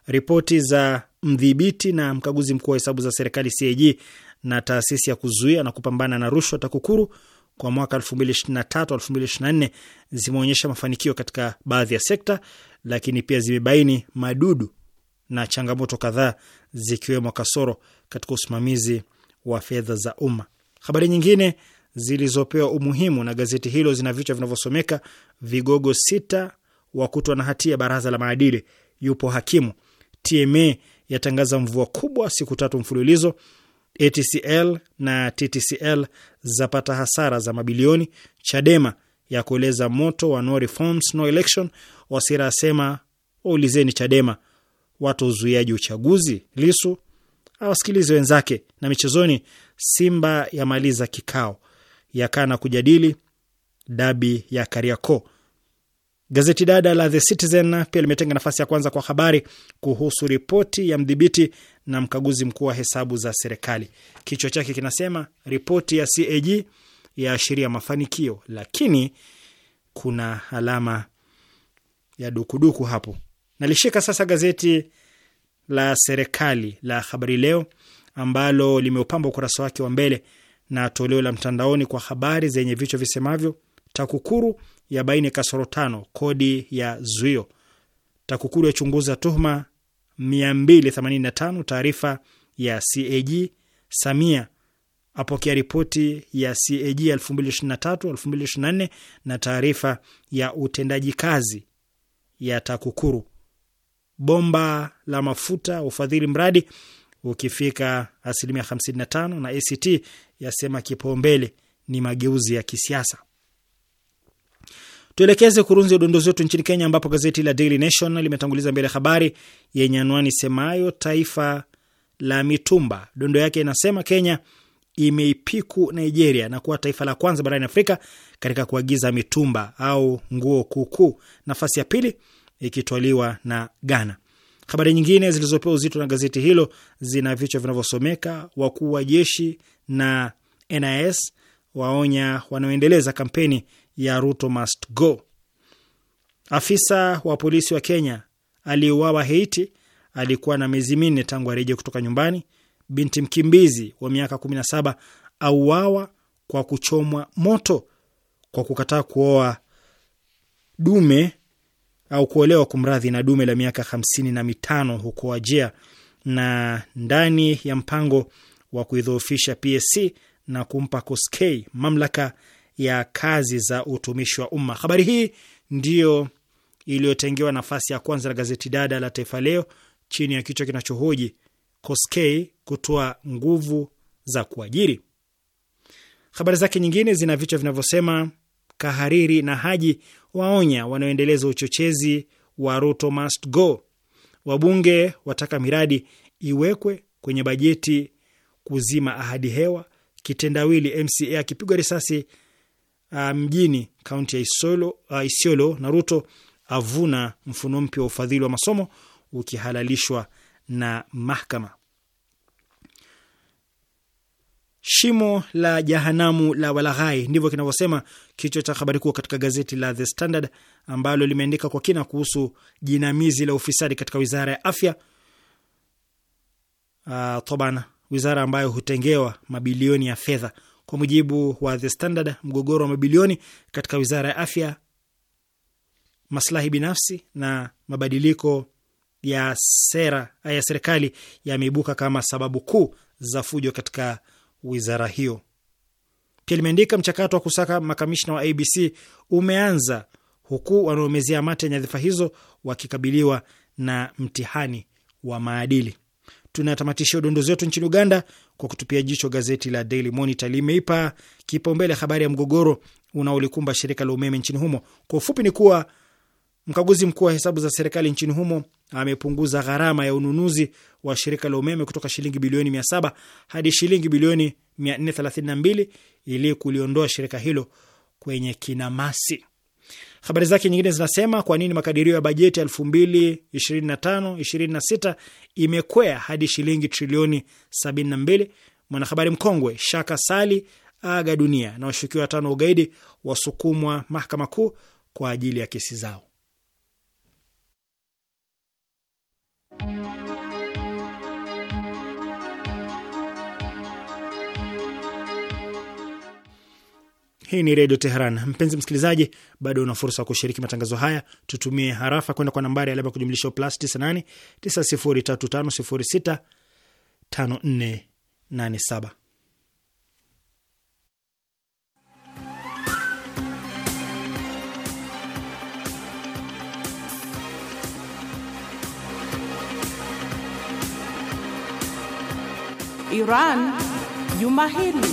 ripoti za mdhibiti na mkaguzi mkuu wa hesabu za serikali CAG na taasisi ya kuzuia na kupambana na rushwa TAKUKURU kwa mwaka 2023-2024 zimeonyesha mafanikio katika baadhi ya sekta lakini pia zimebaini madudu na changamoto kadhaa zikiwemo kasoro katika usimamizi wa fedha za umma. Habari nyingine zilizopewa umuhimu na gazeti hilo zina vichwa vinavyosomeka vigogo sita wakutwa na hatia baraza la maadili, yupo hakimu, TMA yatangaza mvua kubwa siku tatu mfululizo, ATCL na TTCL zapata hasara za mabilioni, Chadema ya kueleza moto wa no reforms no election. Wasira asema waulizeni Chadema watu uzuiaji uchaguzi. Lisu awasikilize wenzake. Na michezoni, Simba yamaliza kikao, yakaa na kujadili dabi ya Kariakoo. Gazeti dada la The Citizen pia limetenga nafasi ya kwanza kwa habari kuhusu ripoti ya mdhibiti na mkaguzi mkuu wa hesabu za serikali. Kichwa chake kinasema ripoti ya CAG yaashiria mafanikio, lakini kuna alama ya dukuduku hapo. Nalishika sasa gazeti la serikali la Habari Leo ambalo limeupamba ukurasa wake wa mbele na toleo la mtandaoni kwa habari zenye vichwa visemavyo: TAKUKURU ya baini kasoro tano kodi ya zuio, TAKUKURU yachunguza tuhuma 285, taarifa ya CAG, Samia apokea ripoti ya CAG 2023 2024 na taarifa ya utendaji kazi ya TAKUKURU. Bomba la mafuta ufadhili mradi ukifika asilimia 55, na ACT yasema kipaumbele ni mageuzi ya kisiasa. Tuelekeze kurunzi udondozi wetu nchini Kenya, ambapo gazeti la Daily Nation limetanguliza mbele habari yenye anwani semayo taifa la mitumba. Dondo yake inasema Kenya imeipiku Nigeria na kuwa taifa la kwanza barani Afrika katika kuagiza mitumba au nguo kuukuu, nafasi ya pili ikitwaliwa na Ghana. Habari nyingine zilizopewa uzito na gazeti hilo zina vichwa vinavyosomeka: wakuu wa jeshi na NIS waonya wanaoendeleza kampeni ya Ruto must go. Afisa wa polisi wa Kenya aliyeuawa Haiti alikuwa na miezi minne tangu arejea kutoka nyumbani binti mkimbizi wa miaka 17 auawa kwa kuchomwa moto kwa kukataa kuoa dume au kuolewa kumradhi na dume la miaka hamsini na mitano huko ajia na ndani ya mpango wa kuidhoofisha PSC na kumpa Koskei mamlaka ya kazi za utumishi wa umma. Habari hii ndiyo iliyotengewa nafasi ya kwanza na gazeti dada la Taifa Leo chini ya kichwa kinachohoji Koskei kutoa nguvu za kuajiri. Habari zake nyingine zina vichwa vinavyosema Kahariri na Haji waonya wanaoendeleza uchochezi wa Ruto must go. Wabunge wataka miradi iwekwe kwenye bajeti kuzima ahadi hewa. Kitendawili MCA akipigwa risasi uh, mjini kaunti ya Isolo, uh, Isiolo na Ruto avuna mfuno mpya wa ufadhili wa masomo ukihalalishwa na mahakama. Shimo la jahanamu la walaghai, ndivyo kinavyosema kichwa cha habari kuu katika gazeti la The Standard ambalo limeandika kwa kina kuhusu jinamizi la ufisadi katika wizara ya afya. Uh, ah, toban wizara ambayo hutengewa mabilioni ya fedha. Kwa mujibu wa The Standard, mgogoro wa mabilioni katika wizara ya afya, maslahi binafsi na mabadiliko ya sera eh, ya serikali yameibuka kama sababu kuu za fujo katika wizara hiyo. Pia limeandika mchakato wa kusaka makamishna wa ABC umeanza huku wanaomezea mate nyadhifa hizo wakikabiliwa na mtihani wa maadili. Tunatamatishia udondozi wetu nchini Uganda kwa kutupia jicho gazeti la Daily Monitor. Limeipa kipaumbele habari ya mgogoro unaolikumba shirika la umeme nchini humo. Kwa ufupi ni kuwa Mkaguzi mkuu wa hesabu za serikali nchini humo amepunguza gharama ya ununuzi wa shirika la umeme kutoka shilingi bilioni mia saba hadi shilingi bilioni mia nne thelathini na mbili ili kuliondoa shirika hilo kwenye kinamasi. Habari zake nyingine zinasema kwa nini makadirio ya bajeti elfu mbili ishirini ishirini na tano na sita imekwea hadi shilingi trilioni sabini na mbili. Mwanahabari mkongwe Shaka Sali aga dunia na washukiwa watano wa ugaidi wasukumwa mahakama kuu kwa ajili ya kesi zao. Hii ni Redio Teheran. Mpenzi msikilizaji, bado una fursa ya kushiriki matangazo haya. Tutumie harafa kwenda kwa nambari alama ya kujumlisha plus 98 903 506 5487. Iran juma hili.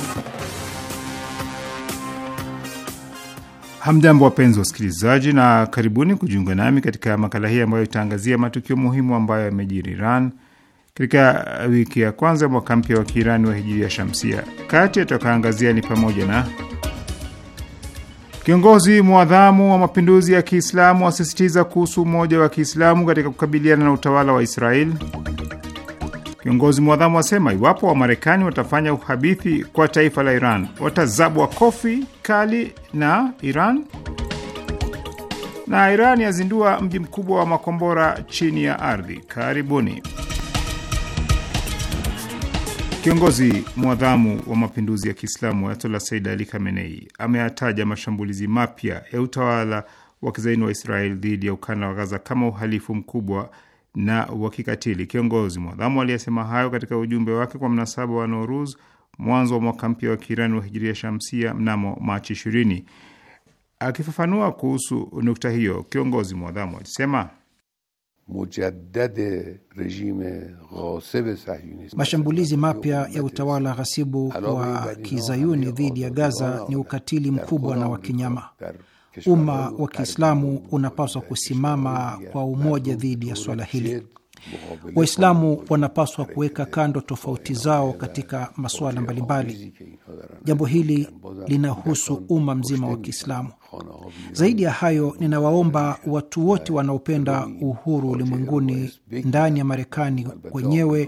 Hamjambo, wapenzi wasikilizaji, na karibuni kujiunga nami katika makala hii ambayo itaangazia matukio muhimu ambayo yamejiri Iran katika wiki ya kwanza mwaka mpya wa Kiirani wa hijiri ya shamsia. Kati yatakaangazia ni pamoja na Kiongozi mwadhamu wa mapinduzi ya Kiislamu asisitiza kuhusu umoja wa Kiislamu katika kukabiliana na utawala wa Israeli kiongozi mwadhamu wasema iwapo Wamarekani watafanya uhabithi kwa taifa la Iran watazabwa kofi kali na Iran. Na Iran yazindua mji mkubwa wa makombora chini ya ardhi. Karibuni. Kiongozi mwadhamu wa mapinduzi ya Kiislamu Ayatollah Said Ali Khamenei ameyataja mashambulizi mapya ya utawala wa kizaini wa Israel dhidi ya ukanda wa Gaza kama uhalifu mkubwa na wa kikatili. Kiongozi mwadhamu aliyesema hayo katika ujumbe wake kwa mnasaba wa Noruz, mwanzo wa mwaka mpya wa Kiirani wa hijiria shamsia mnamo Machi ishirini. Akifafanua kuhusu nukta hiyo, kiongozi mwadhamu alisema Mashambulizi mapya ya utawala ghasibu wa kizayuni dhidi ya Gaza ni ukatili mkubwa na wa kinyama. Umma wa Kiislamu unapaswa kusimama kwa umoja dhidi ya swala hili. Waislamu wanapaswa kuweka kando tofauti zao katika masuala mbalimbali. Jambo hili linahusu umma mzima wa Kiislamu. Zaidi ya hayo, ninawaomba watu wote wanaopenda uhuru ulimwenguni, ndani ya Marekani kwenyewe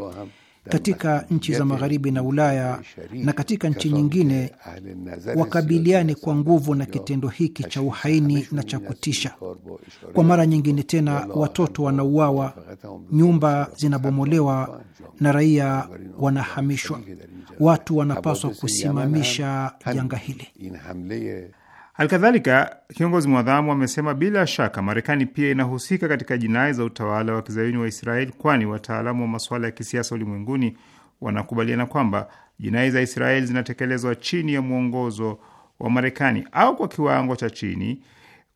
katika nchi za magharibi na Ulaya na katika nchi nyingine wakabiliane kwa nguvu na kitendo hiki cha uhaini na cha kutisha. Kwa mara nyingine tena, watoto wanauawa, nyumba zinabomolewa na raia wanahamishwa. Watu wanapaswa kusimamisha janga hili. Halikadhalika, kiongozi mwadhamu amesema bila shaka Marekani pia inahusika katika jinai za utawala wa kizayuni wa Israeli, kwani wataalamu wa masuala ya kisiasa ulimwenguni wanakubaliana kwamba jinai za Israeli zinatekelezwa chini ya mwongozo wa Marekani au kwa kiwango cha chini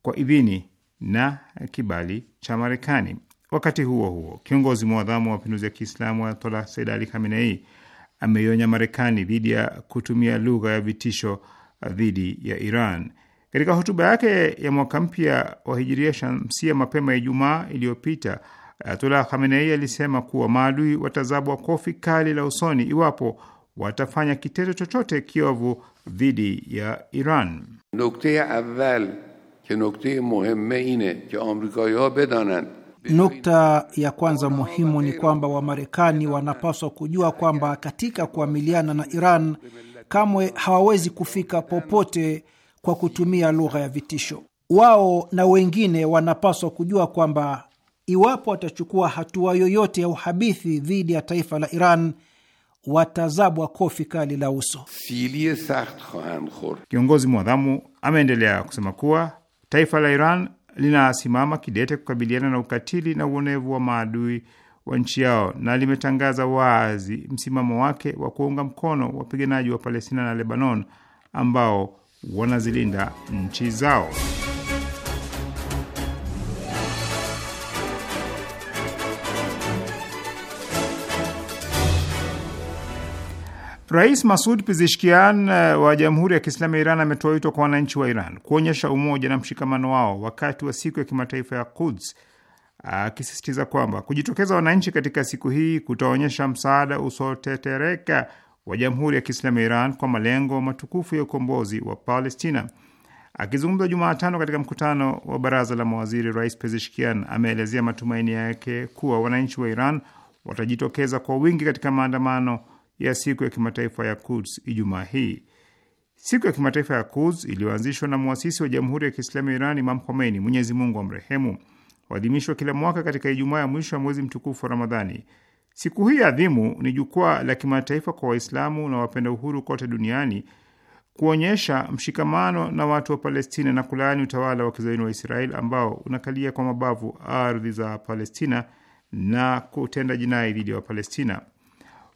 kwa idhini na kibali cha Marekani. Wakati huo huo, kiongozi mwadhamu wa mapinduzi ya Kiislamu Ayatollah Said Ali Khamenei ameionya Marekani dhidi ya kutumia lugha ya vitisho dhidi ya Iran. Katika hotuba yake ya mwaka mpya wa hijiria shamsia mapema ya Ijumaa iliyopita, Ayatullah Khamenei alisema kuwa maadui watazabwa kofi kali la usoni iwapo watafanya kitendo chochote kiovu dhidi ya Iran. Nukta ya kwanza muhimu ni kwamba Wamarekani wanapaswa kujua kwamba katika kuamiliana na Iran kamwe hawawezi kufika popote kwa kutumia lugha ya vitisho. Wao na wengine wanapaswa kujua kwamba iwapo watachukua hatua yoyote ya uhabithi dhidi ya taifa la Iran watazabwa kofi kali la uso. Kiongozi mwadhamu ameendelea kusema kuwa taifa la Iran linasimama kidete kukabiliana na ukatili na uonevu wa maadui wa nchi yao na limetangaza wazi msimamo wake wa kuunga mkono wapiganaji wa Palestina na Lebanon ambao wanazilinda nchi zao. Rais Masud Pizishkian eh, wa Jamhuri ya Kiislamu ya Iran ametoa wito kwa wananchi wa Iran kuonyesha umoja na mshikamano wao wakati wa siku ya kimataifa ya Quds, akisisitiza kwamba kujitokeza wananchi katika siku hii kutaonyesha msaada usiotetereka wa Jamhuri ya Kiislamu ya Iran kwa malengo matukufu ya ukombozi wa Palestina. Akizungumza Jumatano katika mkutano wa baraza la mawaziri, Rais Pezeshkian ameelezea matumaini yake kuwa wananchi wa Iran watajitokeza kwa wingi katika maandamano ya siku ya kimataifa ya Quds Ijumaa hii. Siku ya kimataifa ya Quds iliyoanzishwa na mwasisi wa Jamhuri ya Kiislamu ya Iran Imam Khomeini, Mwenyezi Mungu amrehemu, huadhimishwa kila mwaka katika Ijumaa ya mwisho ya mwezi mtukufu wa Ramadhani Siku hii adhimu ni jukwaa la kimataifa kwa Waislamu na wapenda uhuru kote duniani kuonyesha mshikamano na watu wa Palestina na kulaani utawala wa kizayuni wa Israel ambao unakalia kwa mabavu ardhi za Palestina na kutenda jinai dhidi ya Wapalestina.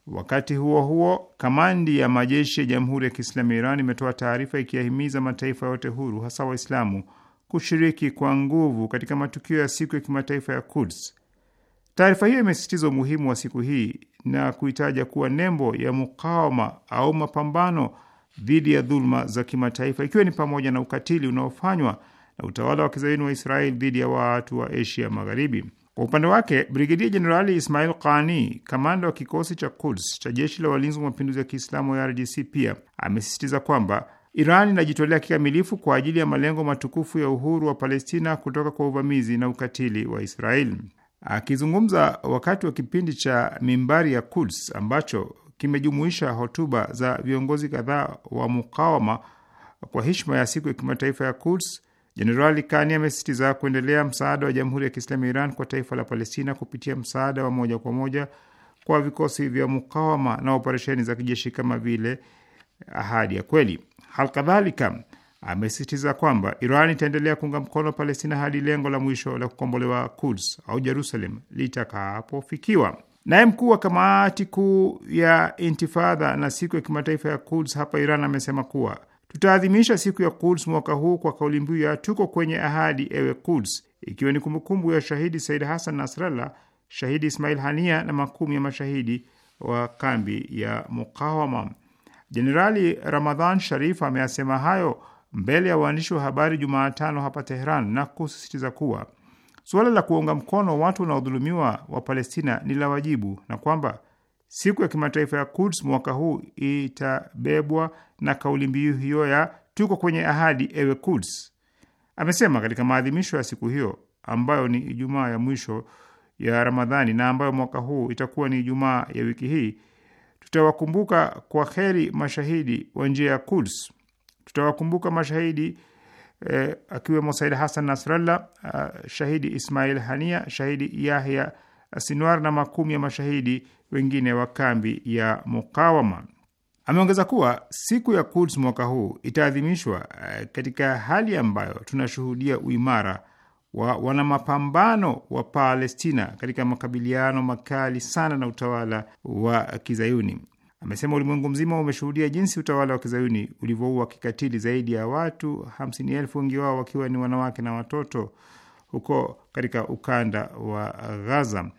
Wakati huo huo, kamandi ya majeshi ya Jamhuri ya Kiislamu ya Iran imetoa taarifa ikiyahimiza mataifa yote huru, hasa Waislamu, kushiriki kwa nguvu katika matukio ya siku ya kimataifa ya Quds Taarifa hiyo imesisitiza umuhimu wa siku hii na kuitaja kuwa nembo ya mukawama au mapambano dhidi ya dhuluma za kimataifa, ikiwa ni pamoja na ukatili unaofanywa na utawala wa kizayuni wa Israeli dhidi ya watu wa Asia Magharibi. Kwa upande wake, Brigedia Jenerali Ismail Qani, kamanda wa kikosi cha Quds cha jeshi la walinzi wa mapinduzi ya Kiislamu ya RGC, pia amesisitiza kwamba Iran inajitolea kikamilifu kwa ajili ya malengo matukufu ya uhuru wa Palestina kutoka kwa uvamizi na ukatili wa Israeli. Akizungumza wakati wa kipindi cha Mimbari ya Quds ambacho kimejumuisha hotuba za viongozi kadhaa wa mukawama kwa heshima ya siku ya kimataifa ya Quds, Jenerali Kani amesisitiza kuendelea msaada wa Jamhuri ya Kiislamu ya Iran kwa taifa la Palestina kupitia msaada wa moja kwa moja kwa vikosi vya mukawama na operesheni za kijeshi kama vile Ahadi ya Kweli. Halkadhalika amesisitiza kwamba Iran itaendelea kuunga mkono Palestina hadi lengo la mwisho la kukombolewa Kuds au Jerusalem litakapofikiwa. Naye mkuu wa kamati kuu ya Intifadha na siku ya kimataifa ya Kuds hapa Iran amesema kuwa tutaadhimisha siku ya Kuds mwaka huu kwa kauli mbiu ya tuko kwenye ahadi, ewe Kuds, ikiwa ni kumbukumbu ya shahidi Said Hassan Nasrallah, shahidi Ismail Hania na makumi ya mashahidi wa kambi ya Mukawama. Jenerali Ramadhan Sharif ameyasema hayo mbele ya waandishi wa habari Jumaatano hapa Teheran na kusisitiza kuwa suala la kuunga mkono watu wanaodhulumiwa wa Palestina ni la wajibu na kwamba siku ya kimataifa ya Quds mwaka huu itabebwa na kauli mbiu hiyo ya tuko kwenye ahadi, ewe Quds. Amesema katika maadhimisho ya siku hiyo ambayo ni Ijumaa ya mwisho ya Ramadhani na ambayo mwaka huu itakuwa ni Ijumaa ya wiki hii, tutawakumbuka kwa kheri mashahidi wa njia ya Quds. Tutawakumbuka mashahidi eh, akiwemo Said Hassan Nasrallah, uh, shahidi Ismail Hania, shahidi Yahya Sinwar na makumi ya mashahidi wengine wa kambi ya Mukawama. Ameongeza kuwa siku ya Quds mwaka huu itaadhimishwa eh, katika hali ambayo tunashuhudia uimara wa wanamapambano wa Palestina katika makabiliano makali sana na utawala wa Kizayuni. Amesema ulimwengu mzima umeshuhudia jinsi utawala wa kizayuni ulivyoua kikatili zaidi ya watu hamsini elfu, wengi wao wakiwa ni wanawake na watoto huko katika ukanda wa Gaza.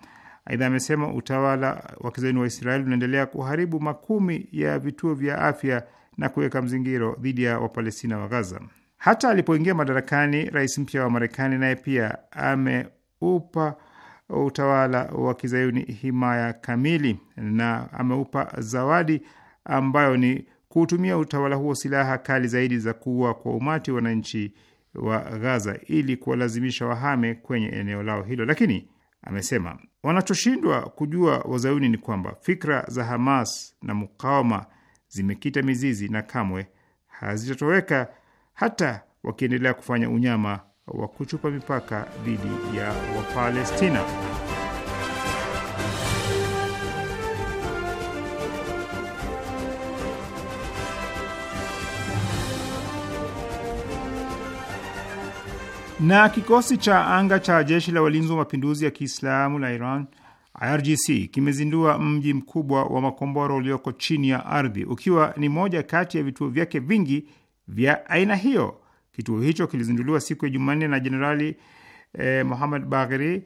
Aidha, amesema utawala wa kizayuni wa Israeli unaendelea kuharibu makumi ya vituo vya afya na kuweka mzingiro dhidi ya Wapalestina wa Gaza. Hata alipoingia madarakani, rais mpya wa Marekani naye pia ameupa utawala wa kizayuni himaya kamili na ameupa zawadi ambayo ni kuutumia utawala huo silaha kali zaidi za kuua kwa umati wananchi wa Gaza ili kuwalazimisha wahame kwenye eneo lao hilo. Lakini amesema wanachoshindwa kujua wazayuni ni kwamba fikra za Hamas na mukawama zimekita mizizi na kamwe hazitatoweka hata wakiendelea kufanya unyama wa kuchupa mipaka dhidi ya Wapalestina. Na kikosi cha anga cha jeshi la walinzi wa mapinduzi ya Kiislamu la Iran IRGC kimezindua mji mkubwa wa makombora ulioko chini ya ardhi ukiwa ni moja kati ya vituo vyake vingi vya aina hiyo. Kituo hicho kilizinduliwa siku ya Jumanne na Jenerali eh, Mohammad Bagheri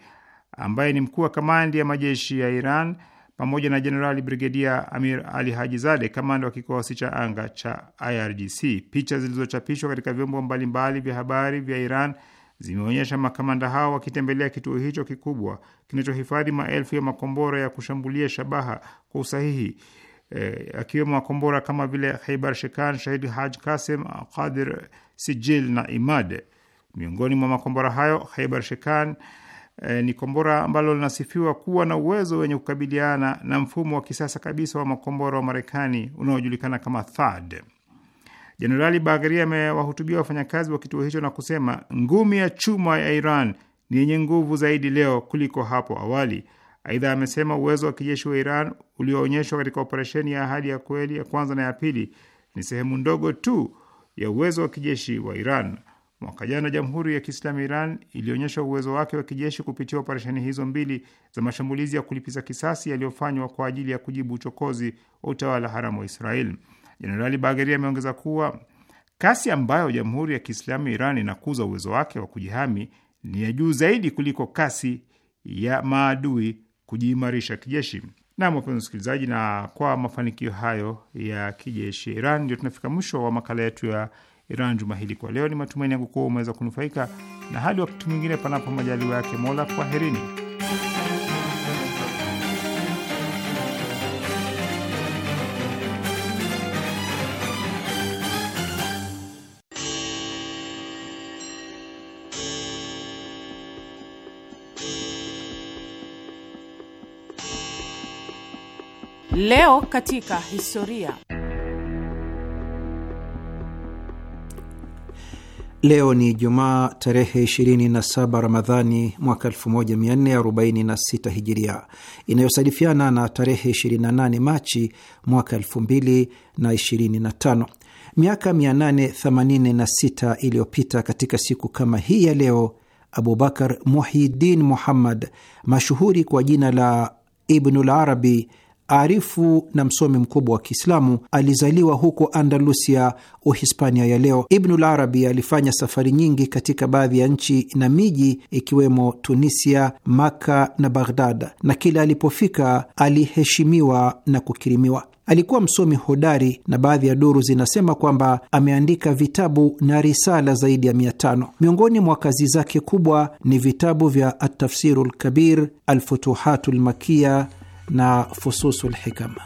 ambaye ni mkuu wa kamandi ya majeshi ya Iran pamoja na Jenerali Brigedia Amir Ali Hajizade, kamanda wa kikosi cha anga cha IRGC. Picha zilizochapishwa katika vyombo mbalimbali vya habari vya Iran zimeonyesha makamanda hao wakitembelea kituo hicho kikubwa kinachohifadhi maelfu ya makombora ya kushambulia shabaha kwa usahihi eh, akiwemo makombora kama vile Khaibar Shekan, Shahid Haj kasim Qadir Sijil na Imad. Miongoni mwa makombora hayo Khaibar Shekan e, eh, ni kombora ambalo linasifiwa kuwa na uwezo wenye kukabiliana na mfumo wa kisasa kabisa wa makombora wa Marekani unaojulikana kama THAAD. Jenerali Bagheri amewahutubia wafanyakazi wa kituo hicho na kusema ngumi ya chuma ya Iran ni yenye nguvu zaidi leo kuliko hapo awali. Aidha amesema uwezo wa kijeshi wa Iran ulioonyeshwa katika operesheni ya Ahadi ya Kweli ya kwanza na ya pili ni sehemu ndogo tu ya uwezo wa kijeshi wa Iran. Mwaka jana Jamhuri ya Kiislamu ya Iran ilionyesha uwezo wake wa kijeshi kupitia operesheni hizo mbili za mashambulizi ya kulipiza kisasi yaliyofanywa kwa ajili ya kujibu uchokozi wa utawala haramu wa Israel. Jenerali Bagheri ameongeza kuwa kasi ambayo Jamhuri ya Kiislamu ya Iran inakuza uwezo wake wa kujihami ni ya juu zaidi kuliko kasi ya maadui kujiimarisha kijeshi. Nam, wapenzi usikilizaji na kwa mafanikio hayo ya kijeshi ya Iran ndio tunafika mwisho wa makala yetu ya Iran juma hili. Kwa leo, ni matumaini yangu kuwa umeweza kunufaika na hadi Wakati mwingine, panapo majaliwa yake Mola, kwaherini. Leo katika historia. Leo ni Jumaa tarehe 27 Ramadhani mwaka 1446 Hijiria, inayosadifiana na tarehe 28 Machi mwaka 2025. Miaka 886 iliyopita katika siku kama hii ya leo, Abubakar Muhyiddin Muhammad mashuhuri kwa jina la Ibnul Arabi arifu na msomi mkubwa wa Kiislamu alizaliwa huko Andalusia, Uhispania ya leo. Ibnul Arabi alifanya safari nyingi katika baadhi ya nchi na miji ikiwemo Tunisia, Maka na Baghdad, na kila alipofika aliheshimiwa na kukirimiwa. Alikuwa msomi hodari na baadhi ya duru zinasema kwamba ameandika vitabu na risala zaidi ya mia tano. Miongoni mwa kazi zake kubwa ni vitabu vya Atafsiru lkabir, Alfutuhatu lmakia na Fususul Hikama.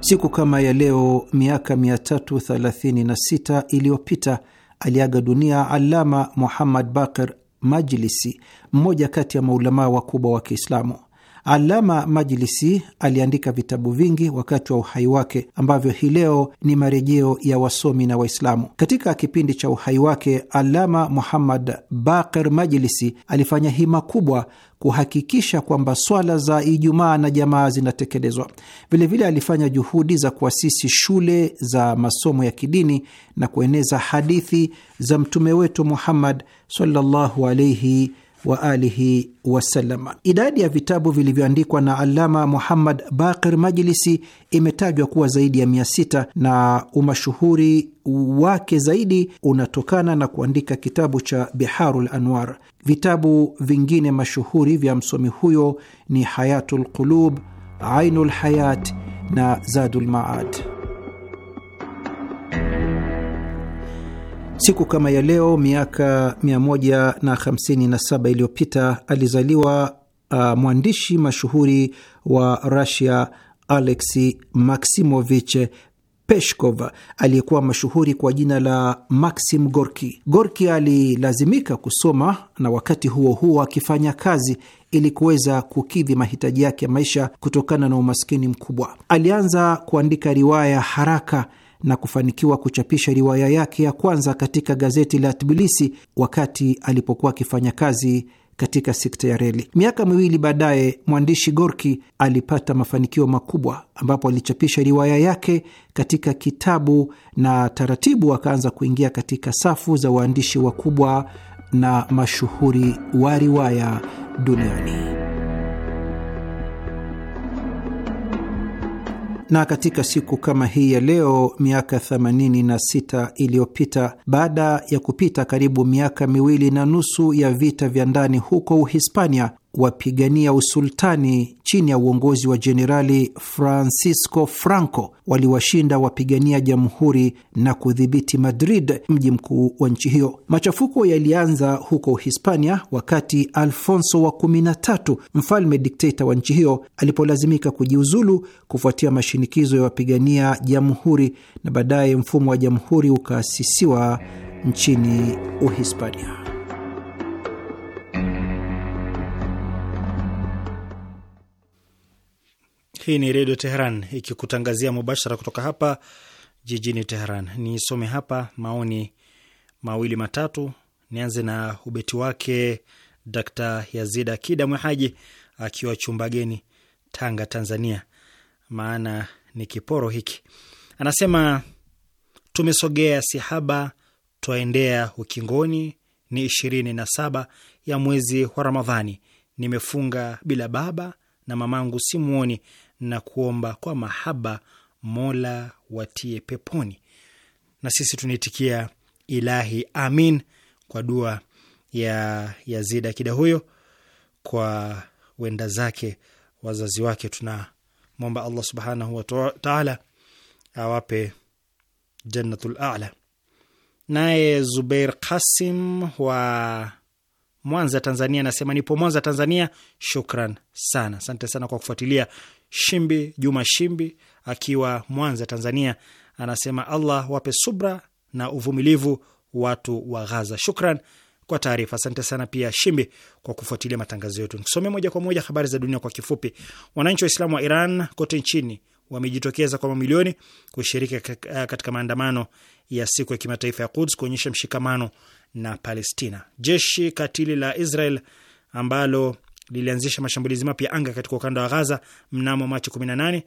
Siku kama ya leo miaka 336 iliyopita aliaga dunia Alama Muhammad Bakir Majlisi, mmoja kati ya maulamaa wakubwa wa Kiislamu. Alama Majlisi aliandika vitabu vingi wakati wa uhai wake ambavyo hii leo ni marejeo ya wasomi na Waislamu. Katika kipindi cha uhai wake, Alama Muhammad Baqir Majlisi alifanya hima kubwa kuhakikisha kwamba swala za Ijumaa na jamaa zinatekelezwa. Vilevile alifanya juhudi za kuasisi shule za masomo ya kidini na kueneza hadithi za mtume wetu Muhammad sallallahu alaihi wa alihi wasalama Idadi ya vitabu vilivyoandikwa na Alama Muhammad Baqir Majlisi imetajwa kuwa zaidi ya mia sita na umashuhuri wake zaidi unatokana na kuandika kitabu cha Biharul Anwar. Vitabu vingine mashuhuri vya msomi huyo ni Hayatu lqulub, Ainu lhayat na Zadu lmaad. Siku kama ya leo miaka 157 iliyopita alizaliwa uh, mwandishi mashuhuri wa Rusia Alexi Maksimovich Peshkov aliyekuwa mashuhuri kwa jina la Maxim Gorki. Gorki alilazimika kusoma na wakati huo huo akifanya kazi ili kuweza kukidhi mahitaji yake ya maisha kutokana na umaskini mkubwa. Alianza kuandika riwaya haraka na kufanikiwa kuchapisha riwaya yake ya kwanza katika gazeti la Tbilisi wakati alipokuwa akifanya kazi katika sekta ya reli. Miaka miwili baadaye, mwandishi Gorki alipata mafanikio makubwa ambapo alichapisha riwaya yake katika kitabu na taratibu akaanza kuingia katika safu za waandishi wakubwa na mashuhuri wa riwaya duniani. na katika siku kama hii ya leo miaka 86 iliyopita, baada ya kupita karibu miaka miwili na nusu ya vita vya ndani huko Uhispania, wapigania usultani chini ya uongozi wa jenerali Francisco Franco waliwashinda wapigania jamhuri na kudhibiti Madrid, mji mkuu wa nchi hiyo. Machafuko yalianza huko Hispania wakati Alfonso wa 13 mfalme dikteta wa nchi hiyo alipolazimika kujiuzulu kufuatia mashinikizo ya wapigania jamhuri, na baadaye mfumo wa jamhuri ukaasisiwa nchini Uhispania. Hii ni Redio Teheran ikikutangazia mubashara kutoka hapa jijini Teheran. Nisome hapa maoni mawili matatu. Nianze na ubeti wake Dkt Yazid Akida Mwehaji akiwa Chumbageni, Tanga, Tanzania. Maana ni kiporo hiki, anasema tumesogea sihaba, twaendea ukingoni, ni ishirini na saba ya mwezi wa Ramadhani. Nimefunga bila baba na mamangu simuoni, na kuomba kwa mahaba Mola watie peponi. Na sisi tunaitikia ilahi amin kwa dua ya yazid Akida huyo kwa wenda zake wazazi wake. Tunamwomba Allah subhanahu wataala awape jannatul ala. Naye Zubeir Kasim wa Mwanza, Tanzania, anasema nipo Mwanza, Tanzania. Shukran sana, asante sana kwa kufuatilia Shimbi Juma Shimbi akiwa Mwanza, Tanzania, anasema Allah wape subra na uvumilivu watu wa Ghaza. Shukran kwa taarifa. Asante sana pia Shimbi kwa kufuatilia matangazo yetu. Nikusomea moja kwa moja habari za dunia kwa kifupi. Wananchi Waislamu wa Iran kote nchini wamejitokeza kwa mamilioni kushiriki eh, katika maandamano ya siku ya kimataifa ya Quds kuonyesha mshikamano na Palestina. Jeshi katili la Israel ambalo lilianzisha mashambulizi mapya anga katika ukanda wa Gaza mnamo Machi 18,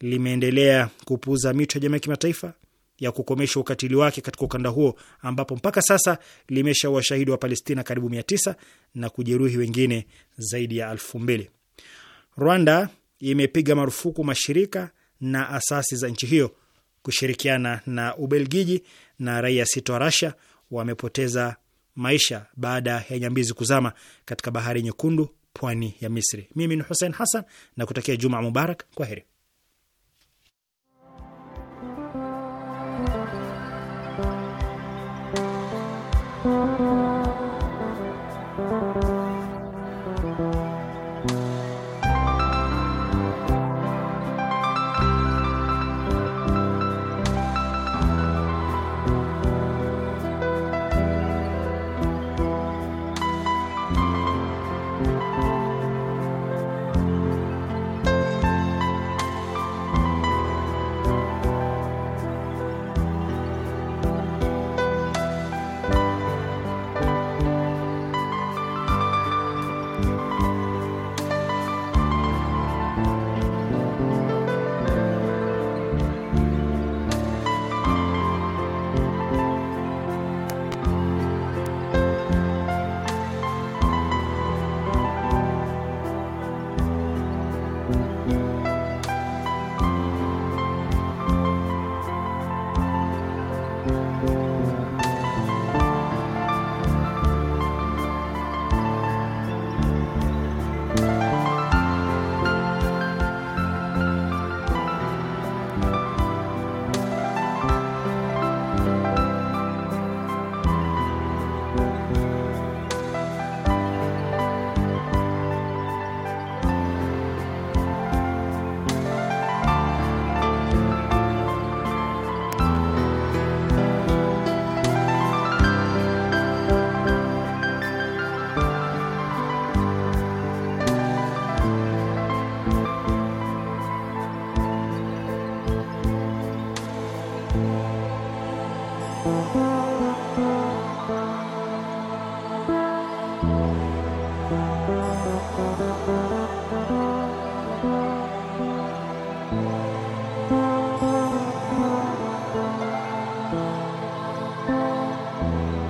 limeendelea kupuuza mito ya jamii ya kimataifa ya kukomesha ukatili wake katika ukanda huo ambapo mpaka sasa limesha washahidi wa Palestina karibu 900 na kujeruhi wengine zaidi ya 2000. Rwanda imepiga marufuku mashirika na asasi za nchi hiyo kushirikiana na Ubelgiji na raia sita wa Russia wamepoteza maisha baada ya nyambizi kuzama katika bahari nyekundu pwani ya Misri. Mimi ni Hussein Hassan na kutakia Juma Mubarak. kwa heri